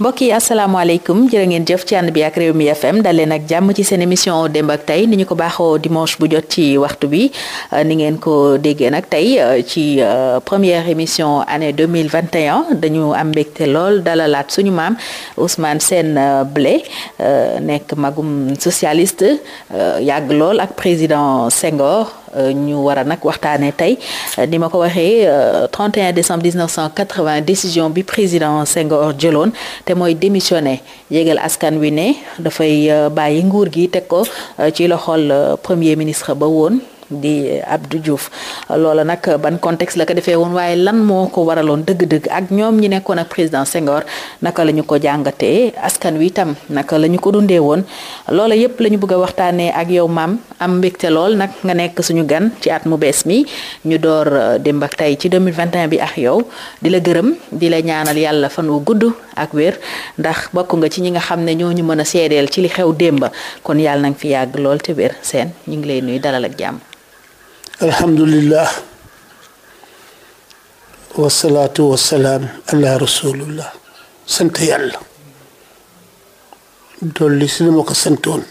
mbokk yi asalaamaaleykum jërë ngeen jëf ci ànd bi ak réew mi fm daleen ak jàmm ci seen émission démb ak tey ni ñu ko baaxoo dimanche bu jot ci waxtu bi euh, ni ngeen ko déggee nag tey euh, ci euh, première émission année 2021 dañu am mbégte lool dalalaat suñu maam Ousmane Sène Blay nekk magum socialist yàgg lool ak président Senghor ñu war a nag waxtaanee tey ni ma ko waxee 31 euh, décembre 1980 décision bi président Senghor jëloon te mooy démissionné yégal askan wi ne dafay euh, bàyyi nguur gi teg ko euh, ci loxol premier ministre ba woon. di eh, Abdou Diouf loola nag eh, ban context la ko defee woon waaye lan moo ko waraloon dëgg-dëgg ak ñoom ñi nekkoon ak président Senghor naka la ñu ko jàngatee askan wi itam naka la ñu ko dundee woon loola yépp la ñu bëgg a waxtaanee ak yow maam am mbégte lool nag nga nekk suñu gan ci at mu bees mi ñu door eh, démb ak tey ci 2021 bi ak yow di la gërëm di la ñaanal yàlla fan wu gudd ak wér ndax bokk nga ci ñi nga xam ne ñoo ñu mën a seedeel ci li xew démba kon yàlla na nga fi yàgg lool te wér seen ñu ngi lay nuyu dalal ak alhamdulillah wasalaatu wasalaam ala rasulillah sant yàlla dolli si dama ko santoon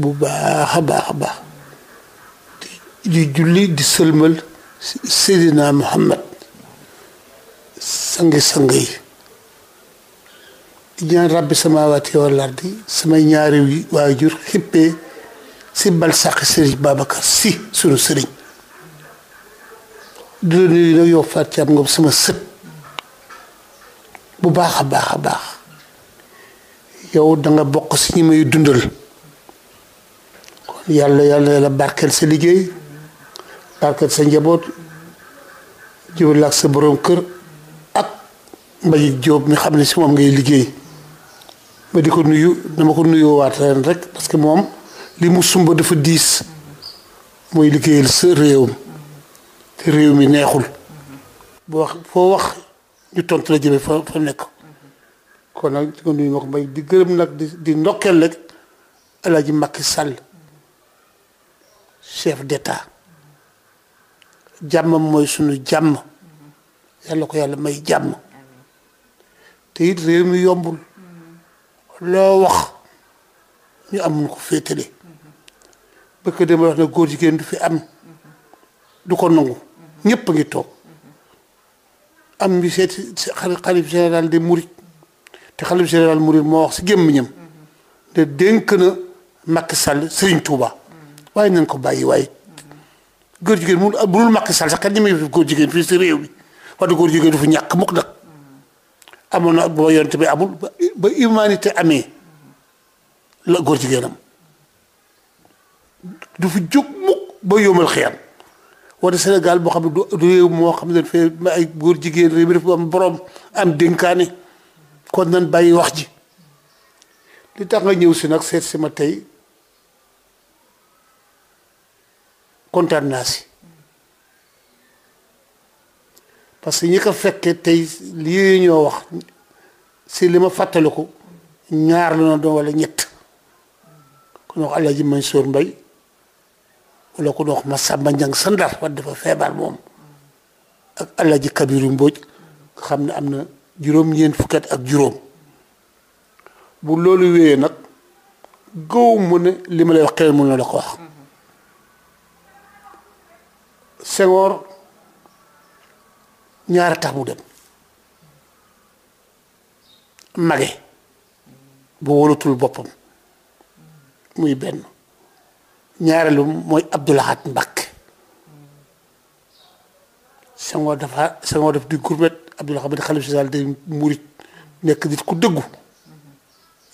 bu baax baax baax di julli di sëlmal Seydina Muhammad sangi-sang yi di ñaan rabbi samaawaati wal ardi samay ñaari waajur xippee si bal sàq sëriñ Babacar si sunu sëriñ di la nuyu yow Fatou Thiam Ngom sama sët bu baax a baax a baax yow danga bokk si ñi may dundal kon yàlla yàlla la barkeel sa liggéey barkeel sa njaboot jubal ak sa boroom kër ak Mbaye Diop mi xam ne si moom ngay liggéey ma di ko nuyu dama ko nuyu waat rek parce moom. li mu sumba dafa diis mooy liggéeyal sa réew mi neexul boo wax foo wax ñu tontu la jëme fa fa nekk kon nag di ko nuyu ma ko mbay di gërëm nag di ndokkeel rek Alaaji Macky Sall chef d'état jàmm mooy sunu jàmm yàlla ko yàlla may jàmm te it réew mi yombul loo wax ñu amun ko féetale bëkk dem wax na góor jigéen du fi am du ko nangu ñëpp a ngi toog am bi seet xalif général des Mourides te xalif général Mouride moo wax si gémmiñam ne dénk na Macky Sall Serigne Touba waaye nañ ko bàyyi waaye góor jigéen mu munul Macky Sall sax kat ñi may fi góor jigéen fii si réew bi wax góor jigéen du fi ñàkk mukk nag amoon na booba yonte bi amul ba humanité amee la góor jigéenam du fi jóg mukk ba yóomal xiyam wala Sénégal boo xam ne du réew moo xam ne dafay ay góor jigéen réew mi dafa am borom am dénkaane kon nan bàyyi wax ji li tax nga ñëw si nag seet si ma tey kontaan naa si parce que ñi ko fekkee tey lii ñoo wax si li ma fàttaliku ñaar la doon wala ñett kon wax Alaaji Mansour Mbaye la ko dox ma Samba Ndiang sa Ndar wax dafa feebar moom ak Alaaji Kabiru Mbóoj nga xam ne am na juróom-ñeent fukki ak juróom bu loolu wéyee nag góow mu li ma lay wax keneen mu na la ko ñaar Senghor tax mu dem mage bu wóolatul boppam muy benn ñaareelu mooy Abdou Lahad Mbacké Senghor dafa Senghor def di gurmet Abdou Lahad Mbacké xalifa général des mourides nekk nit ku dëggu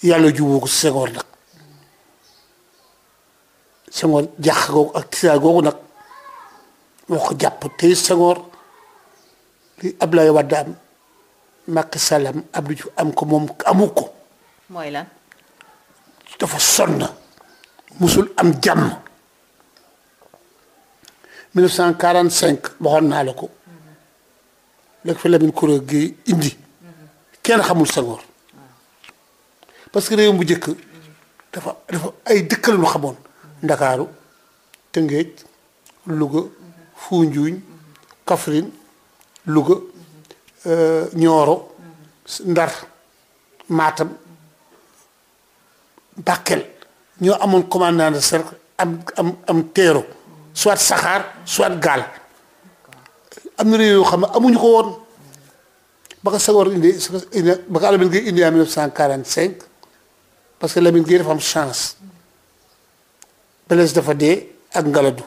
yàlla juboo ko Senghor nag Senghor jàq googu ak tisaa googu nag moo jàpp tey Senghor li Abdoulaye Wade am Macky Sall am Abdou Diouf am ko moom amu ko. dafa sonn. musul am jàmm 1945 waxoon naa la ko la indi kenn xamul Senghor parce que réew bu njëkk dafa dafa ay dëkk la ñu xamoon Ndakaaru Tëngéej Louga Foundiougne Kaffrine Louga euh, Nioro Ndar Matam Bakel ñoo amoon commandant de cercle am am am soit saxaar soit gaal am na réew xam ne amuñu ko woon ba ko Senghor indi ba ko parce que Lamine Gueye dafa am chance Blaise dafa dee ak Ngaladou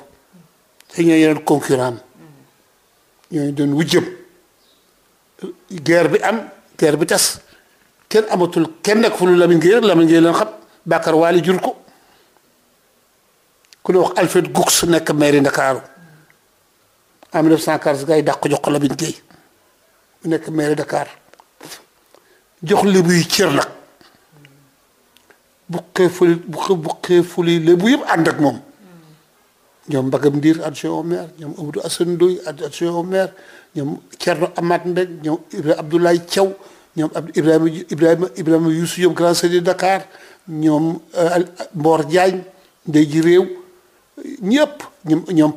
te ñoo yeneen concurrent ñooñu doon wujjëm guerre bi am guerre bi tas kenn amatul kenn nekk fu lu Lamine Gueye leen xam. Bakar Waly jur ko ku ñu wax Alfred Goux nekk maire Ndakaaru en 1940 gars yi dàq ko jox ko Lamine Gueye mu nekk maire Dakar jox lébu yi cër nag bu fuli bu fuli lébu yëpp ànd ak moom ñoom Mbagam Ndiir adjoint au ñoom Amadou Assane Ndoye adjoint au maire ñoom Thierno Amath Mbeng ñoom Ibrahima Abdoulaye Thiaw ñoom Ibrahima Ibrahima Ibrahima Youssou grand seigneur Dakar. ñoom euh, Mboor Diagne ndey ji réew ñëpp ñoom ñoom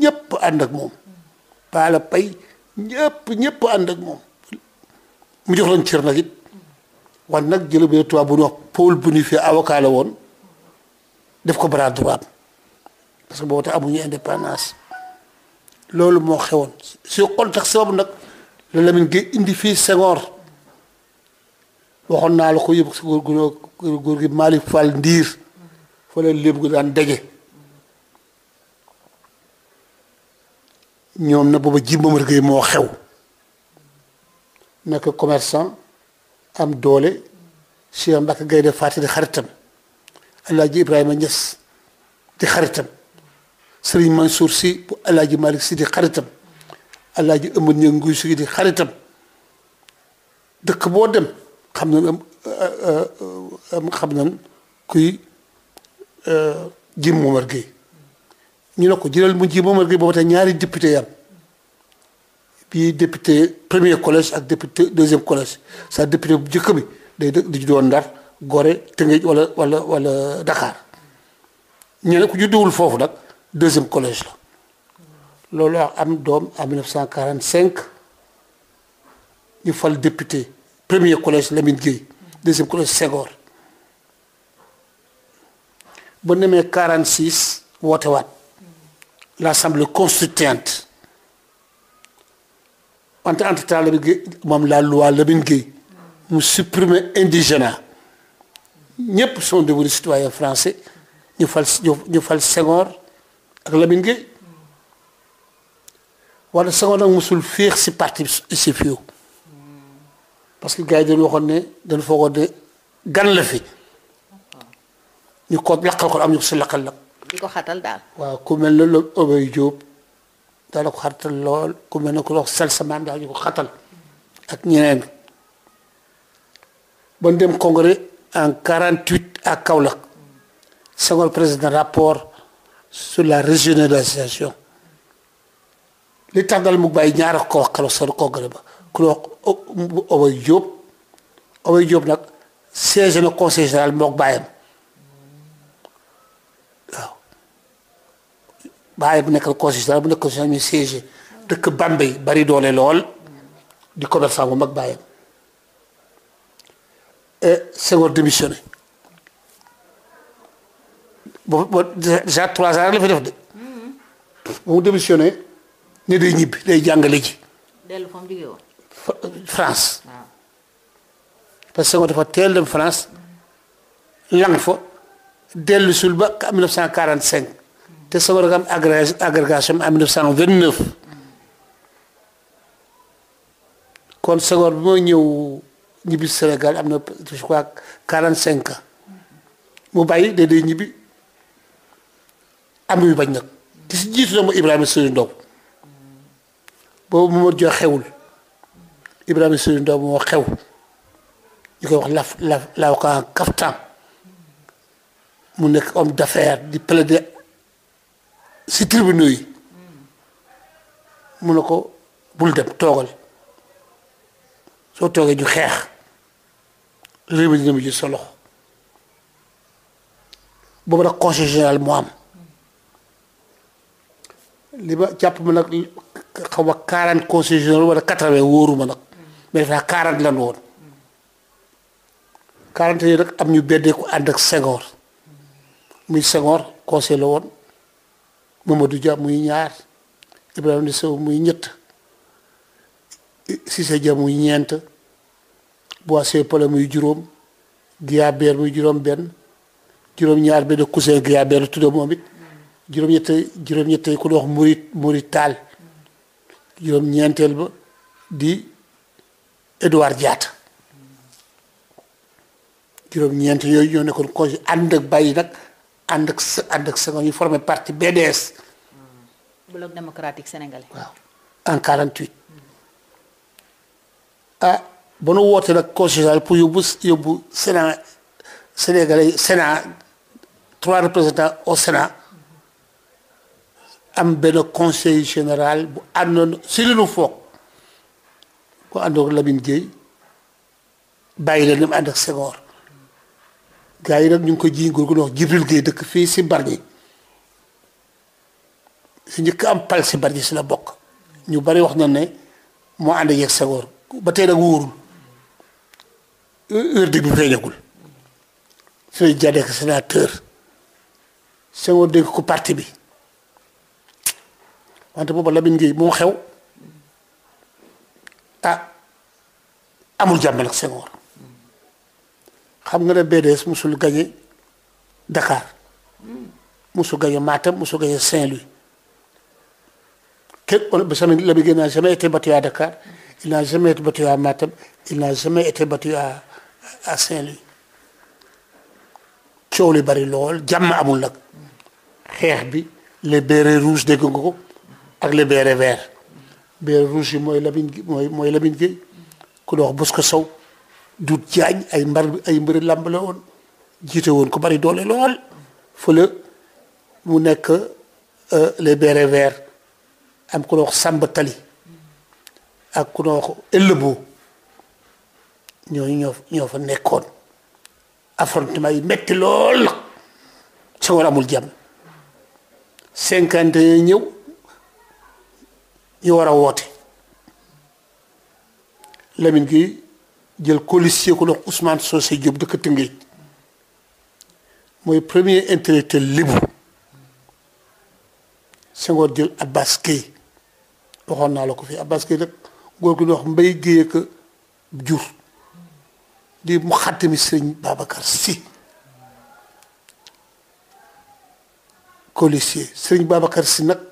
ñëpp ànd ak moom Paala Pay ñëpp ñëpp ànd ak moom mu jox leen cër nag it wan nag jële benn tubaab bu ñuy wax bu Boniface avocat la woon def ko bras droit parce que boobu tax amuñu indépendance loolu moo xewoon si contexte boobu nag la Lamine Gueye indi fii Senghor waxoon naa la ko yëpp si góor gu góor gi Malick Fall Ndiir fa la lépp gu daan daje ñoom na booba ji Momar Gueye moo xew nekk commerçant am doole Cheikh Mbacke Gueye de Faty di xaritam Alaaji Ibrahima Niass di xaritam Serigne Mansour Sy bu Alaaji Malick Sy di xaritam Alaaji Amadou Niang Nguy Sy di xaritam dëkk boo dem xam nañ am euh, euh, euh, xam nañ kuy jim Momar Gueye ñu ne ko jëlal mu jim moom Gueye boobu tey ñaari député yam bii député premier collège ak député deuxième collège sa député bu njëkk bi day di doon Ndar gore Tëngéej wala wala wala Dakar ñu ne ku juddewul foofu nag deuxième collège la loolu am doom en cinq ñu fal député. premier collège Lamine Gueye deuxième collège Senghor ba nemee 46 woote waat l'assemblée constituante wante entre temps Lamine moom la loi Lamine Gueye mu supprimer indigénat ñëpp sont devenus citoyens français ñu fal ñu ak Lamine Gueye wala Senghor nag mosul féex si parti si fiiw parce que gars yi dañu waxoon ne dañu foogoon ne gan la fi ñu ko laqal ko am ñu ko si laqal nag. ku mel ne loolu Obey Diop daal ko xatal lool ku mel ne ku wax sel samaan daal ñu ko xatal ak ñeneen ba ñu dem congrès en 48 à Kaolack Senghor président rapport sur la régionalisation li tàngal mu bàyyi ñaar ko wax keroog seen congrès ba ku wax. Obay Diop Obay Diop nag siège na conseil général mook bàyyam waaw bàyyam bu nekkal conseil général bu nekkal conseil général ñu dëkk Bambey bari doole lool di commerçant bu mag bàyyam eh, Senghor démissionné trois ans rek la fi def de bu mm-hmm. mu démissionné ne day ñibbi day jàngale ji. France parce que Senghor dafa teel dem France lang fa dellu sul ba am te Senghor nga am agré agrégation en 1929 kon Senghor bi moo ñëw ñibbi Sénégal am na je crois 45 ans mu bàyyi day day ñibbi am yu bañ nag di si jiitu na mu Ibrahima Seydou Ndaw boobu Mamadou Dia xewul. Ibrahima Sëriñ Ndaw moo xew ñu koy wax laf laf l'avocat en caftan mu nekk homme d'affaires di plaider si tribunaux yi mu ne ko bul dem toogal soo toogee ñu xeex réew mi dina mu jël sa loxo boobu nag conseil général moo am li ma jàpp ma nag xaw ma quarante conseil général quatre-vingts ma nag mais sax quarante lan woon quarante yi nag am ñu beddeeku ànd ak muy Senghor conseil la woon Mamadou Dia muy ñaar Ibrahima di Sow muy ñett Cissé Dia muy ñeent Boissé Pala muy juróom Guillabert muy juróom benn juróom-ñaar benn cousin Guillabert la moom it juróom-ñett juróom-ñett ku ñuy wax Murit Taal juróom-ñeenteel ba di Edouard Diatta juróom-ñeent yooyu ñoo nekkoon ko ànd ak bàyyi nag ànd ak sa ànd ak sa ñu formé parti BDS. Bloc en 48. ah ba nu woote nag constitutionnel pour yóbbu yóbbu Sénat sénégalais trois représentants au Sénat am benn conseil général bu àndoon si li nu foog. ku àndoog Lamine Gueye bàyyi leen dem ànd ak Senghor gaa yi nag ñu ngi ko jiiñ góor gu wax Jibril Gueye dëkk fii si Bargny si njëkk am pal si Bargny si la bokk ñu bari wax na ne moo ànd yeeg Senghor ba tey nag wóorul verdict bi feeñagul Félix Dia nekk sénateur Senghor dénk ko parti bi wante booba Lamine Gueye moo xew ah amul jàmmel ak Senghor xam nga ne BDS musul gañe Dakar musu gañe Matam musu gañe Saint-Louis kenn la bi n'a jamais été battu à Dakar il n'a jamais été battu à Matam il n'a jamais été battu à Saint-Louis coow li bari lool jàmm amul nag xeex bi les bérets rouges nga ko ak les bérets biir rouge yi mooy Lamine mooy mooy Lamine Gueye ku dox Bosco Sow du jaañ ay mbar ay mbëri làmb la woon jiite woon ku bari doole lool fële mu nekk euh, les bérets verts am ku dox Samba Tali ak ku dox Ellebo ñoo ñoo fa nekkoon affrontement yi metti lool sa war amul jàmm cinquante ñëw yi war a woote Lamine gi jël colistier ku dox Ousmane Socé Diop dëkk Tëngéej mooy premier intellectuel libre Senghor jël Abbas Gueye waxoon naa la ko fii Abbas Gueye nag góor gi dox mbay Gueye jur di mu xàttami sëñ Babacar Sy colistier sëñ Babacar Sy nag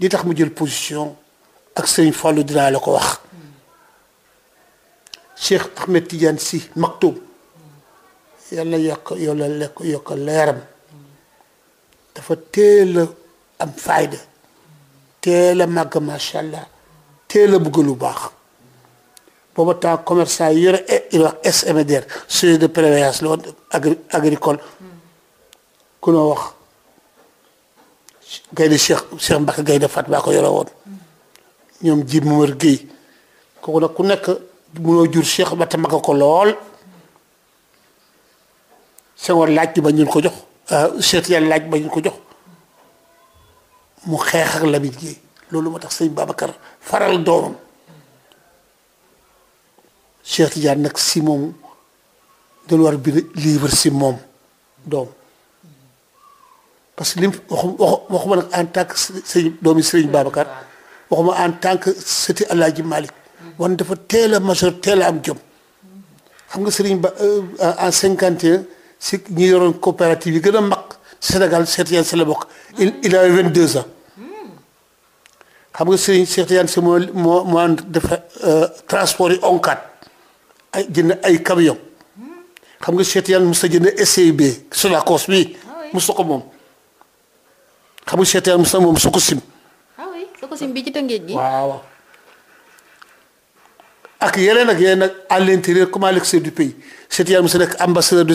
li tax mu jël position ak sëriñ Fallou dinaa la ko wax Cheikh Ahmed si Sy Maktoum yàlla yokk yàlla lekk yokk leeram dafa teel a am fayda teel màgg macha allah teel a bëgg lu baax booba temps commerçant yi yore e, il wax SMDR société de prévoyance la agricole hmm. ku noo wax gaynde Cheikh Cheikh Mbacke gaynde Fat baa ko yore woon ñoom jiit Momar Guèye kooku nag ku nekk munoo jur Cheikh ba te ko lool Senghor laaj bi ba ñu ko jox ah, Cheikh Yàlla laaj ba ñu ko jox mu xeex ak Lamine Guèye loolu moo tax sëñ Babacar faral doomam Cheikh Tidiane nag si moom dañu war a bind si moom doom parce que lim waxu waxuma nag en tant que sëñ doomi Sëriñ Babacar waxuma en tant que sëti Alaaji Malick wan dafa teel a majeur teel a am jom xam nga Sëriñ Ba euh, en cinquante et un si ñi yoroon coopérative yi gën a mag Sénégal Cheikh Tidiane Sy la bokk il il avait vingt deux ans xam nga Sëriñ Cheikh Tidiane Sy moo moo moo dafa euh, transport yi onkat ay jënd ay camion xam nga Cheikh Tidiane mos a jënd SCB Sonacos bi ah mos ko moom xam nga seetaan sax moom su ko sim. waaw ak yeneen ak yeneen nag à l'intérieur comme à l'extérieur du pays Cheikh Tidiane Moussa nekk ambassadeur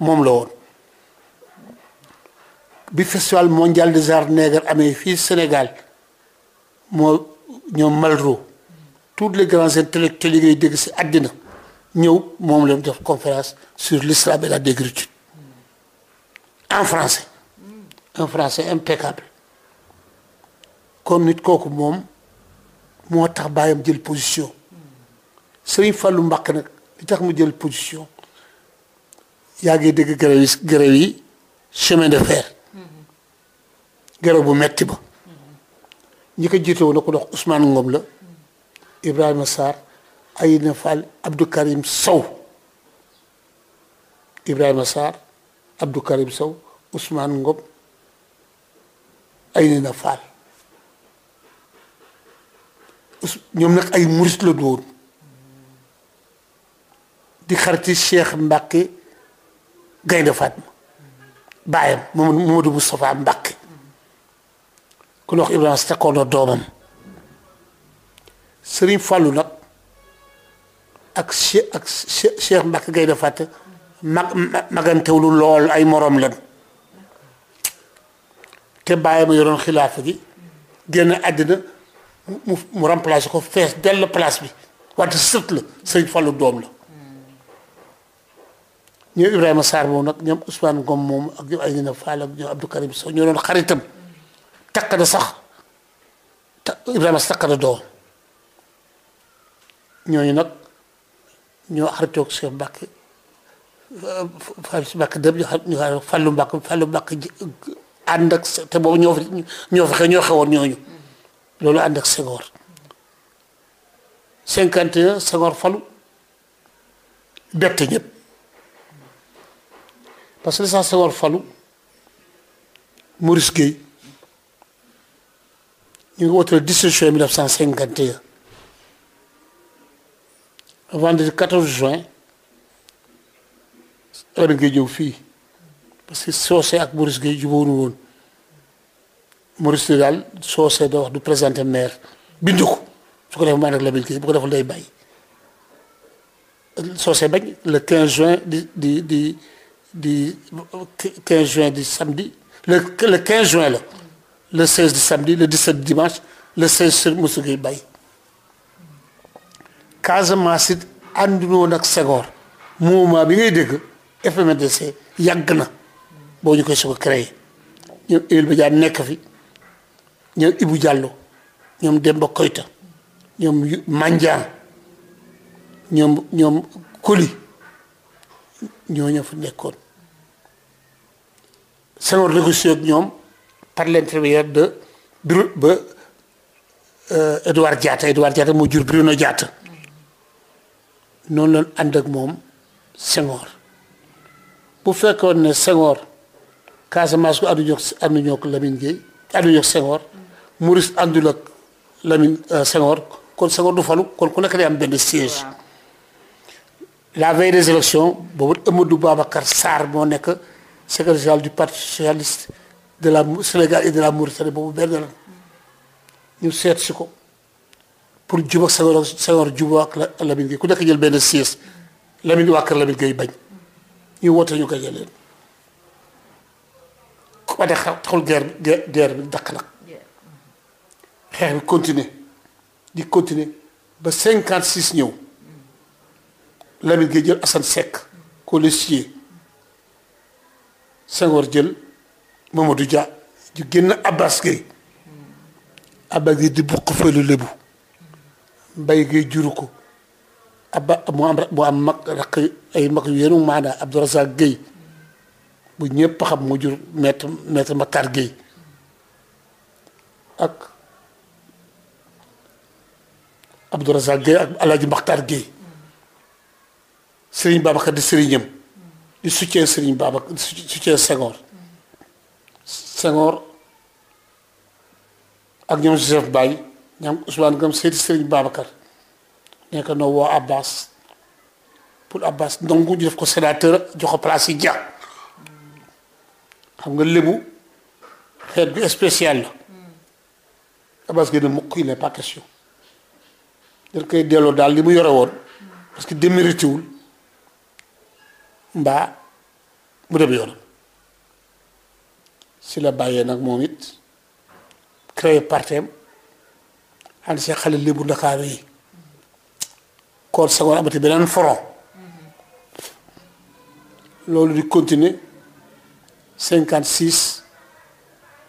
moom la woon bi festival mondial des arts nègres amee fii Sénégal moo ñoom Malraux tous les grands intellectuels yi ngay dégg si àddina ñëw moom leen def conférence sur l'islam et la négritude en français un français impeccable kon nit kooku moom moo tax bàyyam jël position Serigne Fallou Mbacké nag li tax mu jël position yaa ngi dégg grève yi grève yi de fer grève bu metti ba ñi ko jiite woon na ko dox Ousmane Ngom la Ibrahima Sarr Aïna Fall Abdou Karim Sow Ibrahima Sarr Abdou Karim Sow Ousmane Ngom Aynina Fall ñoom nag ay murit la doon di xariti Cheikh Mbacke Gaynde Fatma baayam Mamadou Moustapha Mbacke ku wax Ibrahima si takkoon doomam sëriñ Fallou nag ak Che ak Cheikh Mbacke Gaynde Fatma mag magantewlu lool ay morom lan te bàyyi ma yoroon xilaafa gi génn àddina mu mu remplacé ko fees dell place bi wante sët la sëñ Fallou doom la ñoom Ibrahima Sarr moom nag ñoom Ousmane Ngom moom ak ñoom ay dina Fall ak ñoom Abdou Karim Sow ñoo doon xaritam takk na sax ta Ibrahima takk na doom ñooñu nag ñoo xaritoog Cheikh Mbacke euh, Fall Mbacke dem ñu xa ñu Fallou Mbacke Fallou Mbacke ànd ak te boobu ñoo fi ñoo fexe ñoo xewoon ñooñu loolu ànd ak Senghor cinquante et un falu bett ñëpp parce que sax Senghor falu Maurice Guèye ñu ngi wootee 17 juin 1951 vendredi 14 juin heure ngay ñëw fii. parce que Socé ak Maurice Gueye jubóonu woon Maurice Gueye daal Socé da wax du présenté maire bind ko su ko defee mu ànd ak ko deful day bàyyi Socé bañ le 15 juin di di di di juin di samedi le le 15 juin la le 16 di samedi le 17 di dimanche le 16 sur Maurice Gueye bàyyi Casamance it ànduñu woon ak Senghor moment bi ngay dégg FMDC yàgg na. boo ñu koy soog a créé ñoom Ibrahima Badiane nekk fi ñoom Ibou Diallo ñoom Demba Koyta ñoom Mandiang ñoom ñoom Koli ñooñu fa nekkoon Senghor négocié ak ñoom par l'intermédiaire de bureau ba Edouard euh, Diatta Edouard Diatta moo jur Bruno Diatta noonu lañ ànd ak moom Senghor bu fekkoon ne Senghor Casamance ko ànduñu ak ànduñu ak Lamine Gueye Maurice àndul ak Lamine Senghor kon Senghor du falu kon ku nekk day am benn siège. la veille des moo nekk secrétaire général du de la Sénégal et de la Mauritanie boobu benn la ko pour jub ak Senghor Senghor juboo ku nekk jël benn siège Lamine waa kër Lamine Gueye bañ ñu woote ñu gañe leen ko de xaw taxul guerre bi guerre bi dakk nag xeex bi continuer di continuer ba cinquante six ñëw Lamine Gueye jël Assane Seck colistier Senghor jël Mamadou Dia ju génn Abbas Gueye Abbas Gueye di buq fële lébu Mbaye Gueye juru ko abba mu am mu mag raq ay mag yu yenu maanaa Abdou Razak Gueye bu ñëpp xam mu jur maître maître Matar ak Abdou Razak Gueye ak Alaaji Makhtar Gueye Serigne Babacar di sëriñam di soutien Serigne Babacar di soutien Senghor Senghor ak ñoom Joseph Baye ñoom Ousmane Ngom seeti Serigne Babacar nekk na woo Abbas pour Abbas nangu ñu def ko sénateur jox ko place yi ja xam nga lébu xeet bi spécial la tabaski na mukk il n'est pas question koy delloo daal li mu yore woon parce que démérité wul mbaa mu dem yoonam si la bàyyee nag moom it créé partem ànd see xale lébu ndakaar yi koor sangoon amati beneen foron loolu di continuer cinquante six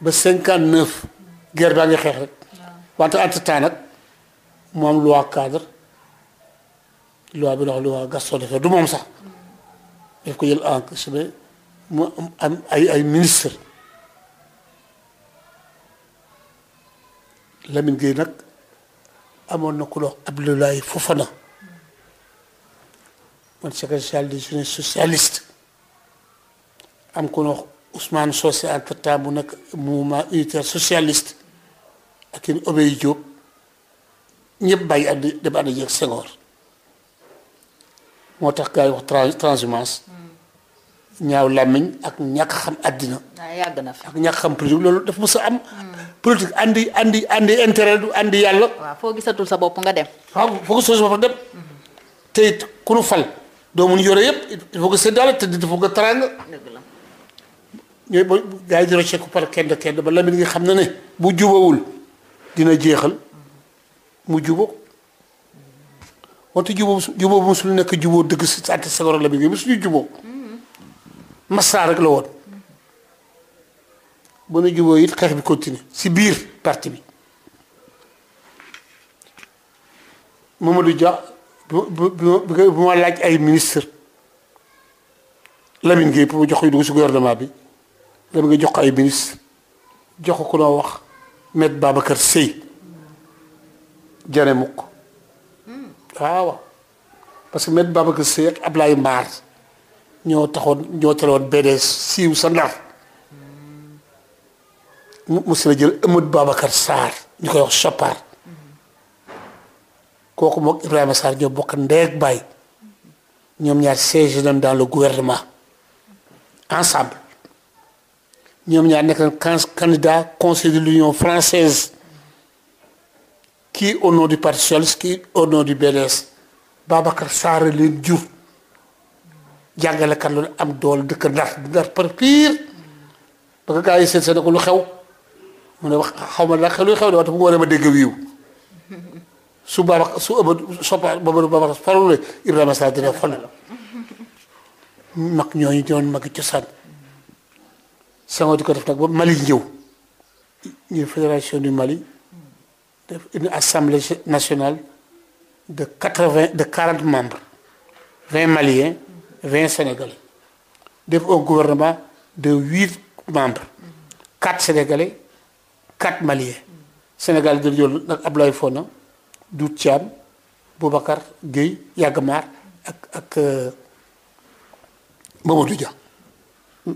ba cinquante neuf guerre baa ngi xeex rek wante entre temps nag mu am cadre loi bi ndax loi Gaston Defferre du moom sax daf ay ay ministre Lamine Gueye nag amoon na ku dox Abdoulaye Fofana man secrétaire général am ku Ousmane Socé entre-temps mu nekk mouvement unitaire socialiste ak in Obey Diop ñëpp bàyyi ànd dem ànd jeeg Senghor moo tax gars yi wax transhumance hmm. ñaaw làmmiñ ak ñàkk xam àddina ah, ak ñàkk xam politique loolu dafa mës a am hmm. politique andi andi andi intérêt yàlla waaw foo gisatul sa bopp nga dem waaw foo gisatul sa bopp nga dem hmm. te ku nu fal doo mun yore yëpp il faut que séddaale te il faut que teraanga ñooy ba gars yi di rocceeku par kenn kenn ba Lamine ngi xam na ne bu jubawul dina jeexal mu jubóo wante jubóo jubóo bu musul nekk jubóo dëgg si àtte Senghor Lamine Gueye bu si biir parti bi Mamadou ma laaj ay ministre Lamine Gueye pour mu jox ko dugg si gouvernement bi dama nga jox ko ay ministre jox ko ku noo wax Maître Babacar Sèye jane mukk waaw parce que Maître Babacar Sèye ak Ablaye Maar ñoo taxoon ñoo telewoon BDS siiw sa ndar mu mos na jël Amadou Babacar Sarr ñu koy wax Chapar kooku mook Ibrahima Sarr ñoo bokk ndeeg baay ñoom ñaar siège nañ dans le gouvernement ensemble ñoom ñaa nekk candidat conseil de l'union française kii au nom du parti socialiste kii au nom du BDS Babacar Sarr leen jur jàngalekat loolu am dool dëkk ndar ndar par pire ba nga gaa yi seen ne ko lu xew mu ne wax xaw ma la xew luy xew de waxtu bu waree ma dégg wiiw su Babacar su ëmb soppa Babacar Babacar farule Ibrahima Sarr dina fal mag ñooñu ñoon magi cosaan Senghor di ko def nag ba Mali ñëw ñu fédération du Mali def une assemblée nationale de quatre vingt de quarante membres vingt maliens vingt sénégalais def un gouvernement de huit membres quatre sénégalais quatre maliens Sénégal di jël nag Abdoulaye Fofana Doudou Thiam Boubacar Guèye Yagmar ak ak euh, Mamadou Dia.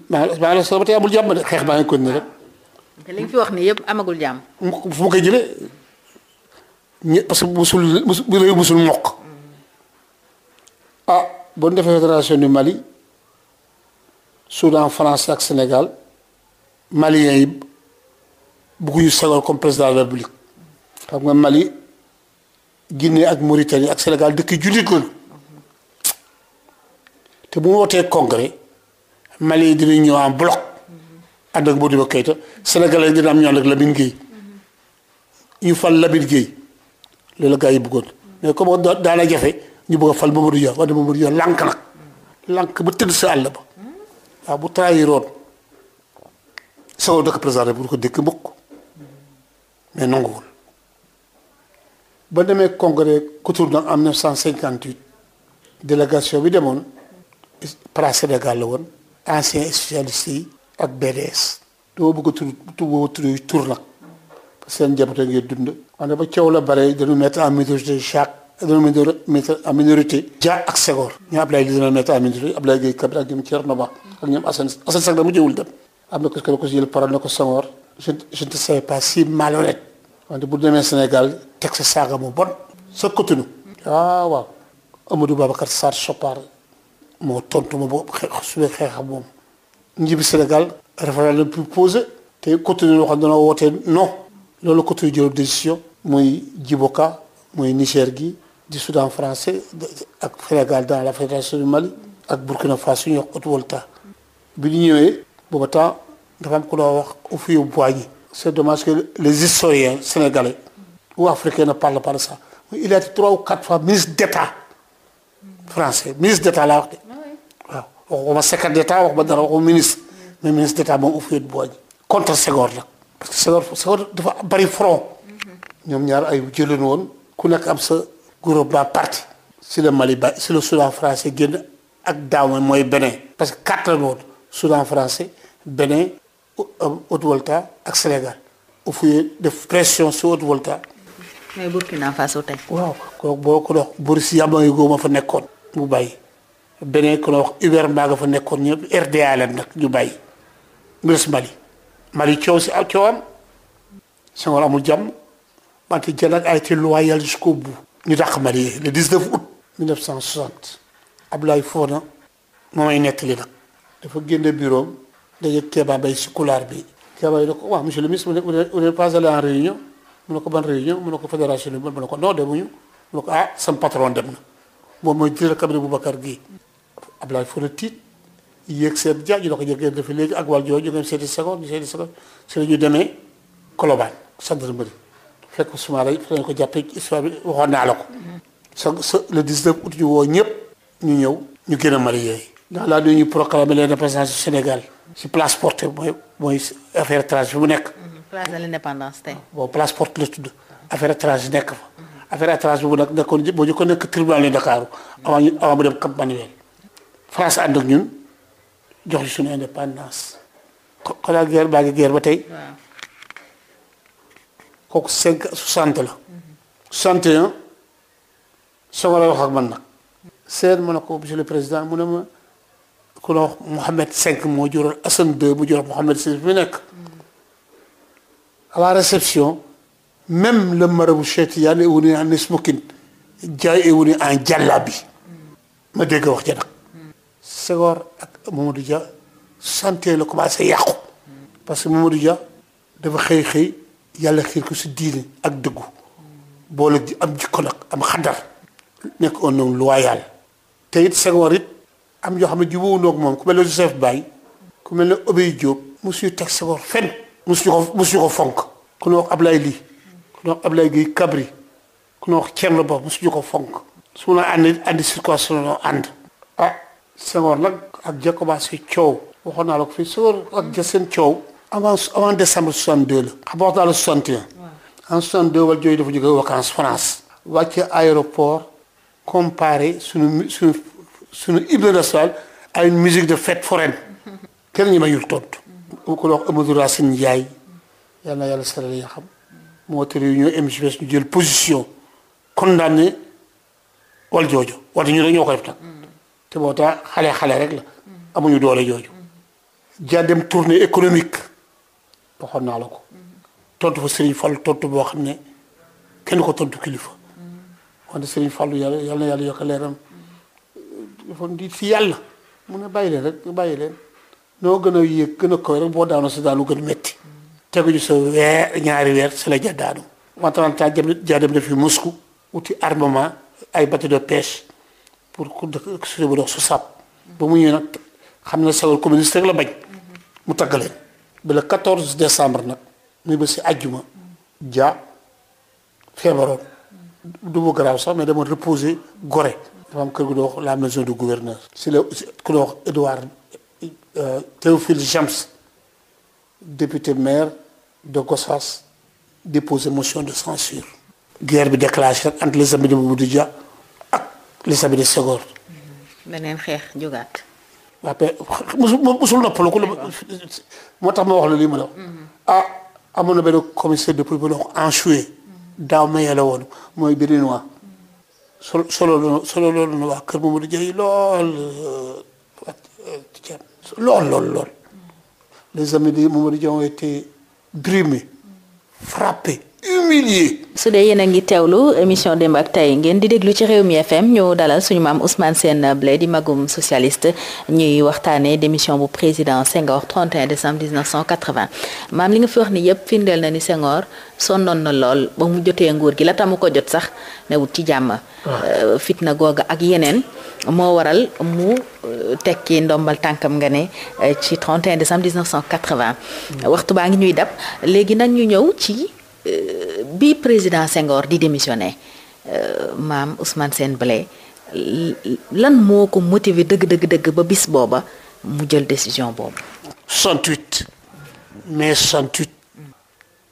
maa ngi soxla ba tey amul jàmm de xeex baa ngi continué rek. te li fi wax nii yëpp amagul jàmm. fu ma koy jëlee ñe parce musul musul mokk ah boo defee fédération du Mali Soudan France ak Sénégal maliens yi bëgguñu sagal comme président la République xam nga Mali Guinée ak Mauritanie ak Sénégal dëkk jullit lañu te bu ma wootee congrès. Mali dinañ ñëw en bloc ànd ak Modibo Keïta Sénégalais dina am ñu ànd ak Lamine Guèye ñu fal Lamine Guèye loolu la gars yi bëggoon mais comme daana jafe ñu bëgg a fal Mamadou Dia wante Mamadou Dia lànk nag lànk ba tëdd sa àll ba waaw bu trahiroon soo dëkk présenté bu ko dëkk mukk mais nanguwul ba demee congrès Cotonou en 1958 délégation bi demoon pra Sénégal la woon. ancien socialiste yi ak BDS dama bëgg tur tuwoo tur nag seen njaboot ngeen dund wante ba coow la bare dañu mettre en minorité Jacques ak Senghor ñoom Abdoulaye Ly dañoo mettre en minorité Abdoulaye Gueye Kabir ak ñoom Thierno Ba ak ñoom Assane Assane Seck da mu jëwul dem am na ko ko si jël parole wante bu demee Sénégal teg sa saaga mu bon sa kotunu waaw ah, waaw Amadou Babacar Sarr Sopar moo tontu ma ba suñu xeexam moom. njibi Sénégal. le plus posé. te côté yoo xam ne dañoo woote non. loolu côté jël décision. muy Djiboka muy Niger gi di Soudan français ak Sénégal dans la fédération du Mali. ak Burkina Faso ñu wax Haute-Volta. bi ñu ñëwee. booba temps dafa am ku wax au fur et c'est dommage que les historiens sénégalais ou africains ne parlent pas de ça il a été trois ou quatre fois ministre d'État français ministre d'État laa wax de. waxuma secrétaire d'État wax ba dara waxuma ministre mais ministre d'État moom ufuyet booj contre Senghor la parce que Senghor Senghor dafa bari front ñoom ñaar ay jëleen woon ku nekk am sa groupe ba parti si la Mali ba si la Soudan français génn ak daaw mooy Bénin parce que quatre la Soudan français Bénin Haute-Volta ak Sénégal ufuyet def pression si Haute-Volta mais Burkina Faso tey waaw kooku ko dox Boris Yamayugo ma fa nekkoon mu bàyyi beneen ku na wax Hubert Mbaa fa nekkoon ñëpp RDA leen nag ñu bàyyi ministre Mali Mali coow si coowam Senghor amul jàmm wante Dieng nag a été loyal jusqu'au bout. ñu dàq Mali le 19 août 1960 Abdoulaye Fofana moo may nettali nag dafa génne bureau am daje Kéba Mbaye si couloir bi. Kéba yi ne ko waaw monsieur le ministre vous n'êtes pas en réunion mu ne ko ban réunion mu ne ko fédération bi mu ne ko non demuñu mu ne ko ah sam Ablaye Fodé tiit yéeg seen jaay ñu ne ko yéeg dafa léegi ak wàll jooju ngeen seeti seconde la ñu fekk naa la ko. sa sa le 19 août ñu woo ñëpp ñu ñëw ñu gën a marié. dans la nuit ñu proclamé leen représentation du Sénégal. ci place porte mooy mooy affaire étrangère fi mu nekk. place de l'indépendance tey. bon place ñu ko nekk tribunal de Dakar. avant mu dem Cap Manuel. France ànd ak ñun jox ñu suñu indépendance. xanaa guerre baa ngi guerre ba tey. kooku cinq soixante la. soixante et un soog la wax ak man nag. seen ma ne ko monsieur président mu ne ma ku la wax cinq moo jural Hassan deux mu jural Mohamed six fi nekk. à la réception même le marabout Cheikh Tidiane est venu en smoking jaay est venu en jàllabi. ma dégg wax ja nag. Senghor ak Mamadou Dia santé la commencé yàqu. parce que Mamadou ja dafa xëy xëy yàlla xiir ko si diine ak dëggu boole ji am jikko nag am xaddar nekk un homme loyal te it Senghor it am yoo xam ne jubóowu noog moom ku mel ne Joseph Baye ku mel ne Obey Diop mosuñu teg Senghor fenn mosuñu ko mosuñu ku no wax Ablaye Ly ku no wax Ablaye Gueye Cabri ku no wax Thierno Ba mosuñu ko fonk su ma la ànd andi circonstance ànd Senghor nag ak ja commencé coow waxoon naa la ko fii Senghor ak ja seen coow avant avant décembre 62 la xam wax naa la 61 en 62 dafa jóge vacances France wàcce aéroport comparé suñu suñu suñu hymne national une musique de fête foraine kenn ñi ma yul tontu bu ko wax Amadou Racine Ndiaye yal na yàlla sara ya xam moo te réunion MGPS ñu jël position condamné wal joojo wala ñu dañoo ko def nag te moo tax xale xale rek la amuñu doole jooju. jaa dem tournée économique waxoon naa la ko. tontu fa Serigne Fall tontu boo xam ne kenn ko tontu kilifa. wante Serigne Fall yàlla yàlla na yàlla yokk leeram dafa di si yàlla mun na bàyyi leen rek bàyyi leen noo gën a yéeg gën a kawe rek boo daanoo sa daanu gën métti. teguñu sa weer ñaari weer si la ja daanu. wante en tant jaa dem def fi Moscou wuti armement ay bateau de pêche. pour ku dëkk société bu dox su sàpp ba mu ñëwee nag xam ne sawar communiste rek la bañ mu taggaleen ba le 14 décembre nag muy ba si àjjuma feebaroon du ma garaaw sax mais dama reposé gore dafa euh, James député maire de Gossas déposé motion de censure guerre bi déclenché rek entre les amis de Mamadou Dia li sabili segoor. beneen xeex jógaat. waaw pe musul musul noppalu ko moo tax ma wax la lii ma la mm-hmm. ah amoon na benn commissaire de police bu doon enchoué mm-hmm. daaw ma yàlla woon mooy beneen waa. Mm-hmm. solo solo solo loolu na waa kër Mamadou Diaye lool lool lool lool. les amis de Mamadou Diaye ont été brimés frappés. humilié. su dee yéen a ngi teewlu émission démb ak tey ngeen di déglu ci réew Rewmi FM ñu dalal suñu maam Ousmane seen Blay di magum socialiste ñuy waxtaanee démission bu président Senghor 31 décembre 1980 maam li nga fi wax ni yëpp firndeel na ni Senghor sonnoon na lool ba mu jotee nguur gi la tamu ko jot sax newut wut ci jàmm. Ah. Euh, fitna googa ak yeneen. moo waral mu euh, tekki ndombal tànkam nga ne euh, ci 31 décembre 1980. Mm. waxtu baa ngi ñuy dab léegi nag ñu ñëw ci bi président Senghor di démissionné euh, maam Ousmane Sène Blay lan moo ko motiver dëgg dëgg dëgg ba bis booba mu jël décision boobu. 68 mai 68.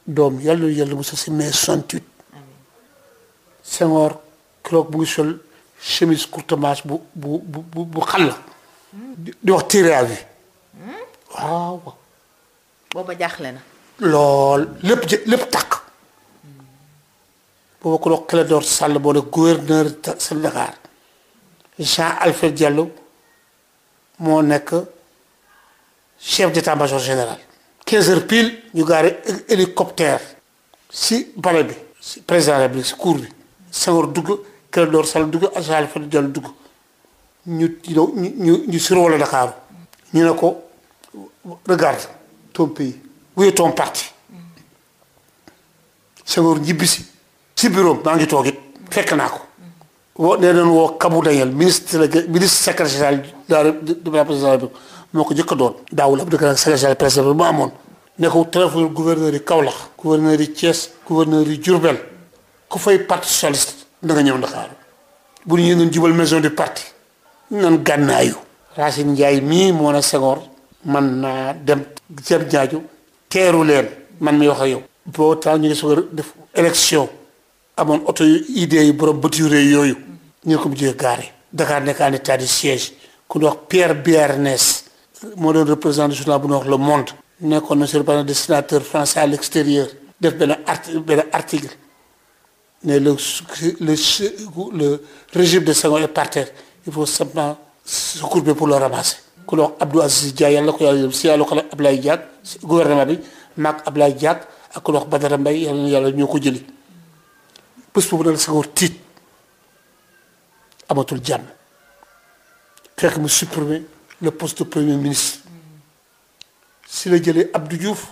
doom yàlla yàlla mos a bu ngi sol chemise courte manche bu bu bu bu xàll. di wax tiré à hmm? booba jaaxle na. lool lépp jë lépp takk. booba ku doon Clédor Sall boole gouverneur Sénégal Jean Alfred Diallo moo nekk chef de major général. 15 heures pile ñu gaare hélicoptère. si palais bi. si président de la République si cour bi. Senghor dugg Clédor Sall dugg Jean Alfred Diallo dugg ñu ñu ñu ñu survolé Dakar. ñu ne ko regarde ton pays. où est ton parti. ci bureau maa ngi toog it fekk naa ko. woo nee nañu woo Kabou Daniel ministre la ministre secrétaire général de la présidence moo ko jëkk a doon. daaw la bu dëkk secrétaire présidence bi mu amoon. ne ko téléphone gouverneur yi Kaolack. gouverneur yi Thiès. gouverneur yi Diourbel. ku fay parti socialiste. na ñëw Ndakaaru. bu ñu ñëwee jubal maison du parti. nan gànnaayu. Racine Ndiaye mii moo na Senghor. man naa dem. Diop Diadio. teeru leen. man mi wax ak yow. boo tax ñu ngi soog a amoon oto yu idée yi borom bët yu yooyu. ñu ko mujjee gaare. Dakar nekk en état de siège ku ñu wax Pierre Béarnès. moo doon représentant journal bu ñu wax Le Monde. nekkoon na surprenant de sénateur français à l'extérieur. def benn art benn article ne le le le régime de Senghor est par il faut simplement se courber pour le ramasser. ku ñu wax Abdou Aziz yàlla ko yàlla yëm si yàlla ko Ablaye Diack gouvernement bi maak Ablaye Diack ak ku ñu wax Badara Mbaye yàlla ko jëli. bés boobu nag Senghor tiit amatul jàmm fekk mu supprimer le poste de premier ministre si la jële Abdou Diouf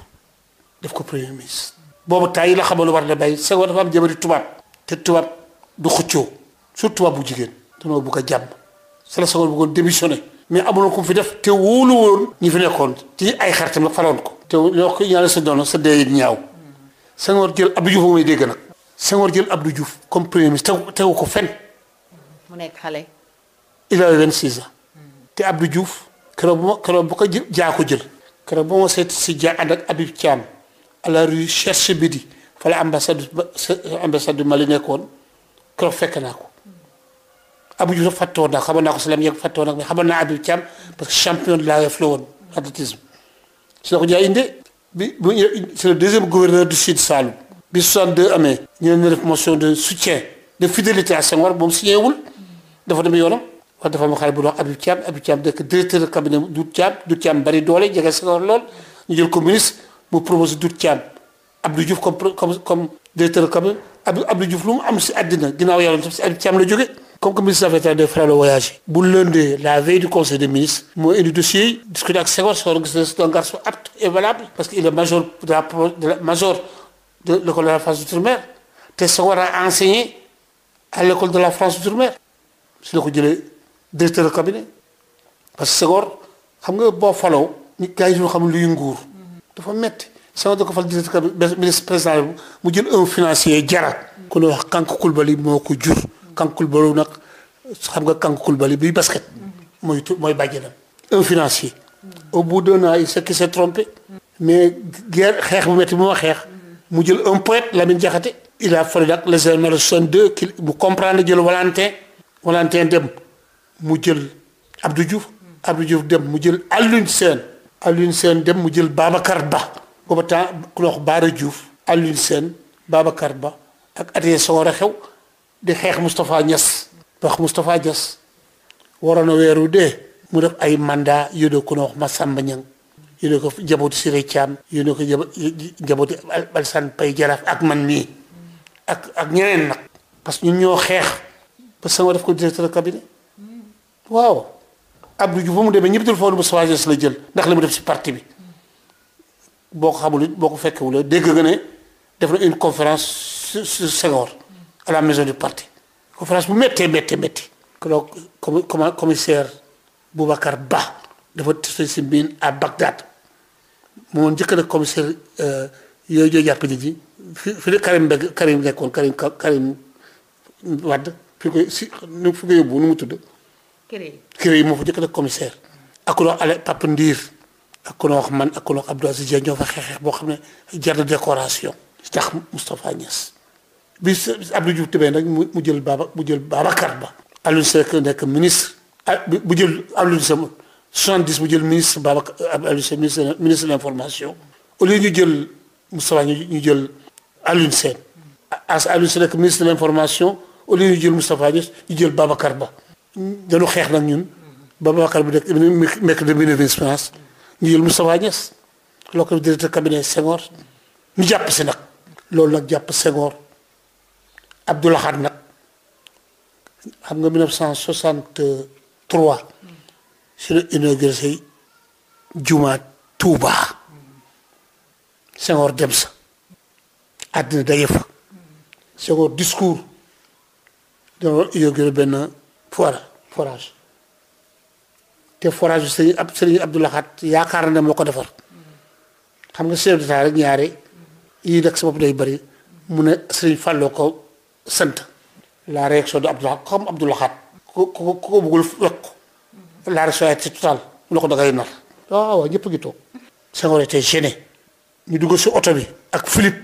def ko premier ministre. boobu taa yi la xamal war na bay Senghor dafa am jabari tubaab. te tubaab du xëccoo. surtout tubaab bu jigéen. danoo bugg a jàmm. sa la Senghor bëggoon démissionné. mais amuloon ko fi def. te wóolu ñi fi nekkoon ti ay xaritam la faloon ko. te loo ko ñaanal sa doon sa dee ñaaw. Senghor jël Abdou Diouf mooy dégg Senghor jël Abdou Diouf comme premier ministre tegu ko fen mu nekk xale. il avait 26 ans. te Abdou Diouf keroog bu ma keroog bu ko jë jaa ko jël. keroog bu ma si jaa ànd ak Habib Thiam à la rue Cherche Midi fa la ambassade ambassade du Mali nekkoon keroog fekk naa ko. Abdou Diouf fàttoon naa xamal naa ko si la mu yegg naa ko mais naa Habib Thiam parce que champion de la REF la woon athlétisme. su la ko jaay indee. bi bi c'est le deuxième gouverneur du Sine Saloum. bi 62 amee ñu ne def motion de soutien de fidélité à Senghor moom signé wul dafa dem yoonam wax dafa am xale bu dox Habib Thiam Habib Thiam nekk directeur de cabinet Doudou Thiam Doudou doole jege Senghor lool ñu jël ko ministre comme comme comme directeur de lu mu am si àddina ginnaaw yàlla tam si Habib Thiam la jóge comme que ministre des affaires étrangères la voyagé. bu lëndee la veille du conseil des ministres. moo indi dossier yi discuté ak Senghor Senghor gis na c'est un et valable parce que il est major de la major. de l'école de la France d'outre-mer te sa war a enseigner à l'école de la France d'outre-mer su ko jëlee directeur de que Senghor xam nga boo faloo nit gars yi xam luy nguur dafa metti Senghor da ko fal directeur cabinet ministre président mu jël un financier jara ku ne wax Kanku Kulbali moo ko jur Kanku Kulbali nag xam nga Kanku Kulbali bi basket mooy tu mooy bàjjenam un financier au bout d'un an il s'est trompé mais guerre xeex bu metti bu ma xeex mu jël un poète Lamine Diakhaté il a fallu nag les années 62 ki mu comprendre jël Valentin Valentin dem mu jël Abdou Diouf Abdou Diouf dem mu jël Alioune Sène Alioune Sène dem mu jël Babacar Ba booba temps ku wax Baara Diouf Alioune Sène Babacar Ba ak atee son xew di xeex Moustapha Niass wax Moustapha Niass waroon weeru dee mu def ay mandat yu doo ku wax Massamba Niang yónnee ko njabootu Siré Thiam yónnee ko njabootu Alsane Pay Jaraaf ak man mii ak ak ñeneen nag parce que ñun ñoo xeex ba sama def ko directeur de cabinet waaw Abdou Diouf mu demee ñëpp dul foofu ba Moustapha Niasse la jël ndax la mu def si parti bi boo ko xamul boo ko fekkewul dégg nga ne def na une conférence sur Senghor à la maison du parti conférence bu méttee méttee métti donc commissaire Boubacar Ba dafa tëj si mine à Bagdad moo njëkk nag commissaire euh, yooyu ñooy jàpp ji ñi fi fi la Karim Begg Karim nekkoon Karim Karim Wade fi ko si fi ko yóbbu nu mu tudd. Kéré Kéré moo fa njëkk nag commissaire. ak ku ale Pape Ndiir ak ku man ak ku ñoo Abdou Aziz ñoo fa xeexeex boo xam ne jar na décoration. tax Moustapha Niass. bi Abdou Diouf tëbee nag mu jël Baba mu jël Babacar Ba. Alioune Seck nekk ministre. bu jël Alioune Seck 70 mu jël ministre Babacar Aliou Sène ministre de l'information au lieu ñu jël jël Alioune Sène as Alioune Sène nekk ministre de l'information au xeex nag ñun Babacar bi nekk nekk de ministre de jël Moustapha Niass loo ko jàpp si nag loolu nag jàpp Senghor Abdou Lahad nag xam nga 1963 si la inauguré say jumaa tuubaa Senghor dem sa àddina daje fa discours dana inauguré benn foora forage te forage bi sëriñ ab sëriñ Abdou Lahad yaakaar na ne moo ko defar xam nga chef d'état rek ñaare yii nag sa bopp day bari mu ne sëriñ Fallou ko sant la réaction de Abdou Lahad comme Abdou ko bëggul yokk la responsabilité totale mu la ko dangay nar. Ah, waaw a ngi toog. Senghor était gêné. ñu dugg si oto bi. ak Philippe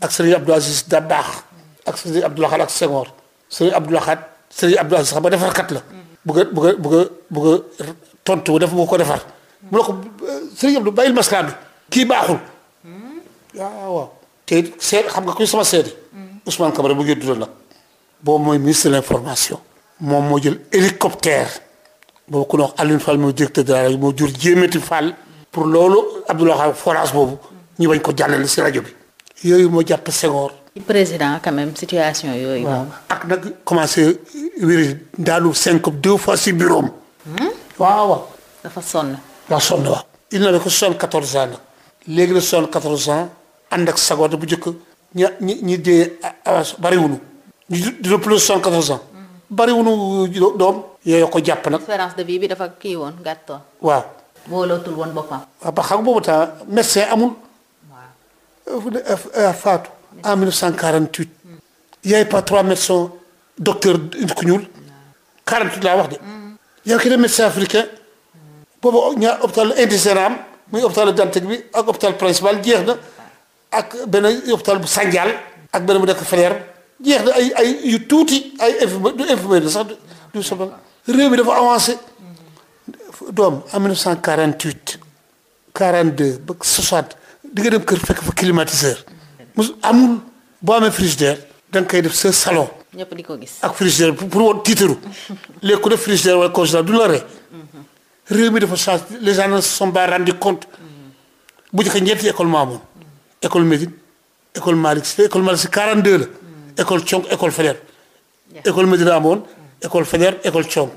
ak Serigne Abdou Aziz Dabakh. ak Serigne Abdou Lahad ak Senghor. Serigne Abdou Lahad Serigne Abdou Aziz xam nga defarkat la. bëgg a bëgg a a a tontu def mu ko defar. mu la ko Serigne Abdou bàyyil bi. kii baaxul. Ah, waaw waaw. xam nga kuy sama seede. Ousmane Camara bu ngeen dundal boobu mooy ministre de moom moo jël hélicoptère. boobu ku ñuy wax Alioune Fall directeur de la rajo moo jur jéemati Fall. pour loolu Abdoulaye Xaw forage boobu ñu bañ ko jàllale si rajo bi. yooyu moo jàpp Senghor. président quand même situation yooyu. waaw ak nag commencé wéri daalu cinq si bureau am. Hmm? waaw waaw. dafa sonn. dafa sonn waaw. il n'avait que soixante-quatorze ans nag. léegi la soixante-quatorze ans ànd ak sagoot bu njëkk ña ñi ñi dee ah, ah, bariwunu. ñu di plus soixante-quatorze ans. Hmm. bariwunu euh, doom. yooyu jàpp nag. bi dafa kii woon gàttoon. waaw. wóolootul woon boppam. waaw ba xam boobu temps médecin amul. waaw. Euh, euh, faatu. en 1948. yaay pas trois médecins docteur ku ñuul. laa wax de. Mm. yow ki ne médecin africain. Mm. boobu ñaar hôpital indigène am muy hôpital Dantec bi ak hôpital principal jeex na ak benn hôpital bu Sandial. ak benn bu nekk Faidherbe jeex na ay tuuti ay infirmier du infirmier sax du du réew mi dafa avancé doom en 1948 42 ba 60 di nga dem kër fekk fa climatiseur mus amul boo amee frigidaire da nga koy def sa salon. ñëpp di ko gis ak frigidaire pour woon tiitaru léegi ku def frigidaire wala congélateur du la ree mi dafa change les gens ne se compte bu njëkk ñetti école Maamoun école Médine école Malick Sy école Malick Sy 42 la école Thiong école Faidherbe école Médine amoon. école Faidherbe école Thionk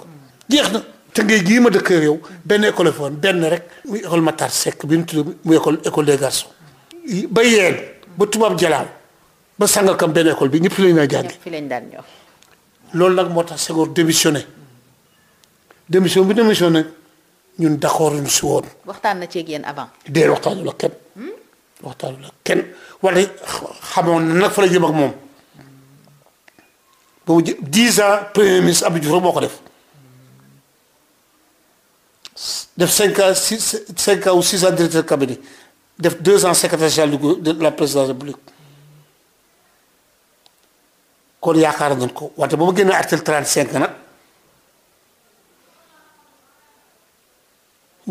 jeex na. te ngay ma dëkk yow benn école fa woon benn rek muy école Matar Seck bi mu tudd mu école école des garçons. ba yeen ba tubaab jalaaw ba sàngalkam benn école bi ñëpp fi lañ daan jàngi. ñëpp fi loolu nag moo tax Senghor démissionné démission bi démissionné ñun d'accord ñu si woon. waxtaan na ci ak yéen avant. dee waxtaanu la kenn. Hmm? waxtaanu la kenn wala xamoon na nag fa la jëm ak moom. boobu jë dix ans premier ministre Abdou Diouf rek moo ko def def cinq si six cinq ans ou six ans directeur cabinet def deux ans secrétaire général de la présidence de la République kon yaakaar nañ ko wante ba ma génnee article cinq nag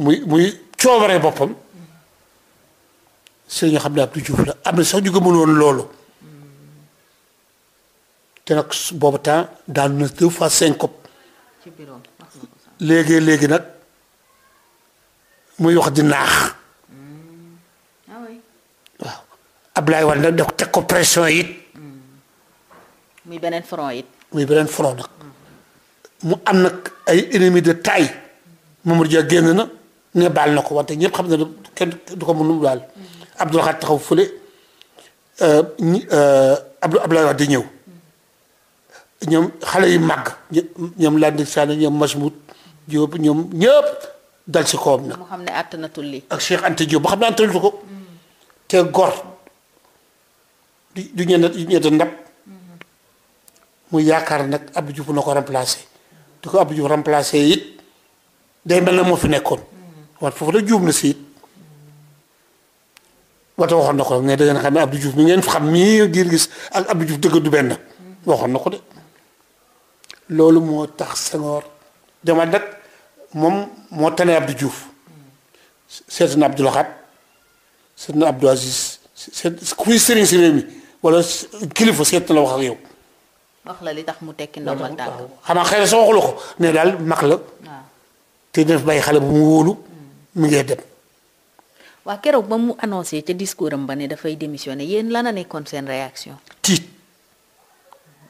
muy muy coobaree boppam si ñu xam ne Abdou Diouf la am na sax ñu gëmul woon loolu. te nag boobu temps daanu na deux fois syncope léegi léegi nag muy wax di naax waaw Ablaye war nag def teg ko pression it. muy beneen front yit muy beneen front nag mu am nag ay ennemis de taille Mamadou Dia génn na ne baal na ko wante ñëpp xam ne kenn du ko mu daal baal Abdoulaye taxaw fële euh, ñi euh, Abdoulaye wax di ñëw. ñoom xale yu màgg ñoom Landing Sane ñoom Masmoud Diop ñoom ñëpp dal si kawam nag. ne àttanatul lii. ak Cheikh Anta Diop ba xam ne àttanatu ko. te yaakaar nag Abdou Diouf na ko remplacé du ko ab Diouf remplacé it day mel na moo fi nekkoon. waaw foofu da juum na si it. wata waxoon na ko ne da ngeen xam ne Abdou Diouf mi ngeen xam mii ngir gis ak Abdou Diouf dëgg du benn waxoon na ko de. loolu moo tax Senghor dama nag moom moo tane Abdou Diouf seet na Abdou Lahad seet na Abdou Aziz seet kuy sëriñ si mi wala kilifa seet na la wax ak yow. wax la li tax mu tekki ndombal tànk. xanaa xëy na soo waxuloo ko ne daal mag la. te def bàyyi xale bu mu wóolu. Hmm. mu ngi dem. waa keroog ba mu annoncé ca discours am ba ne dafay démissionné yéen lana nekkoon seen réaction. tiit.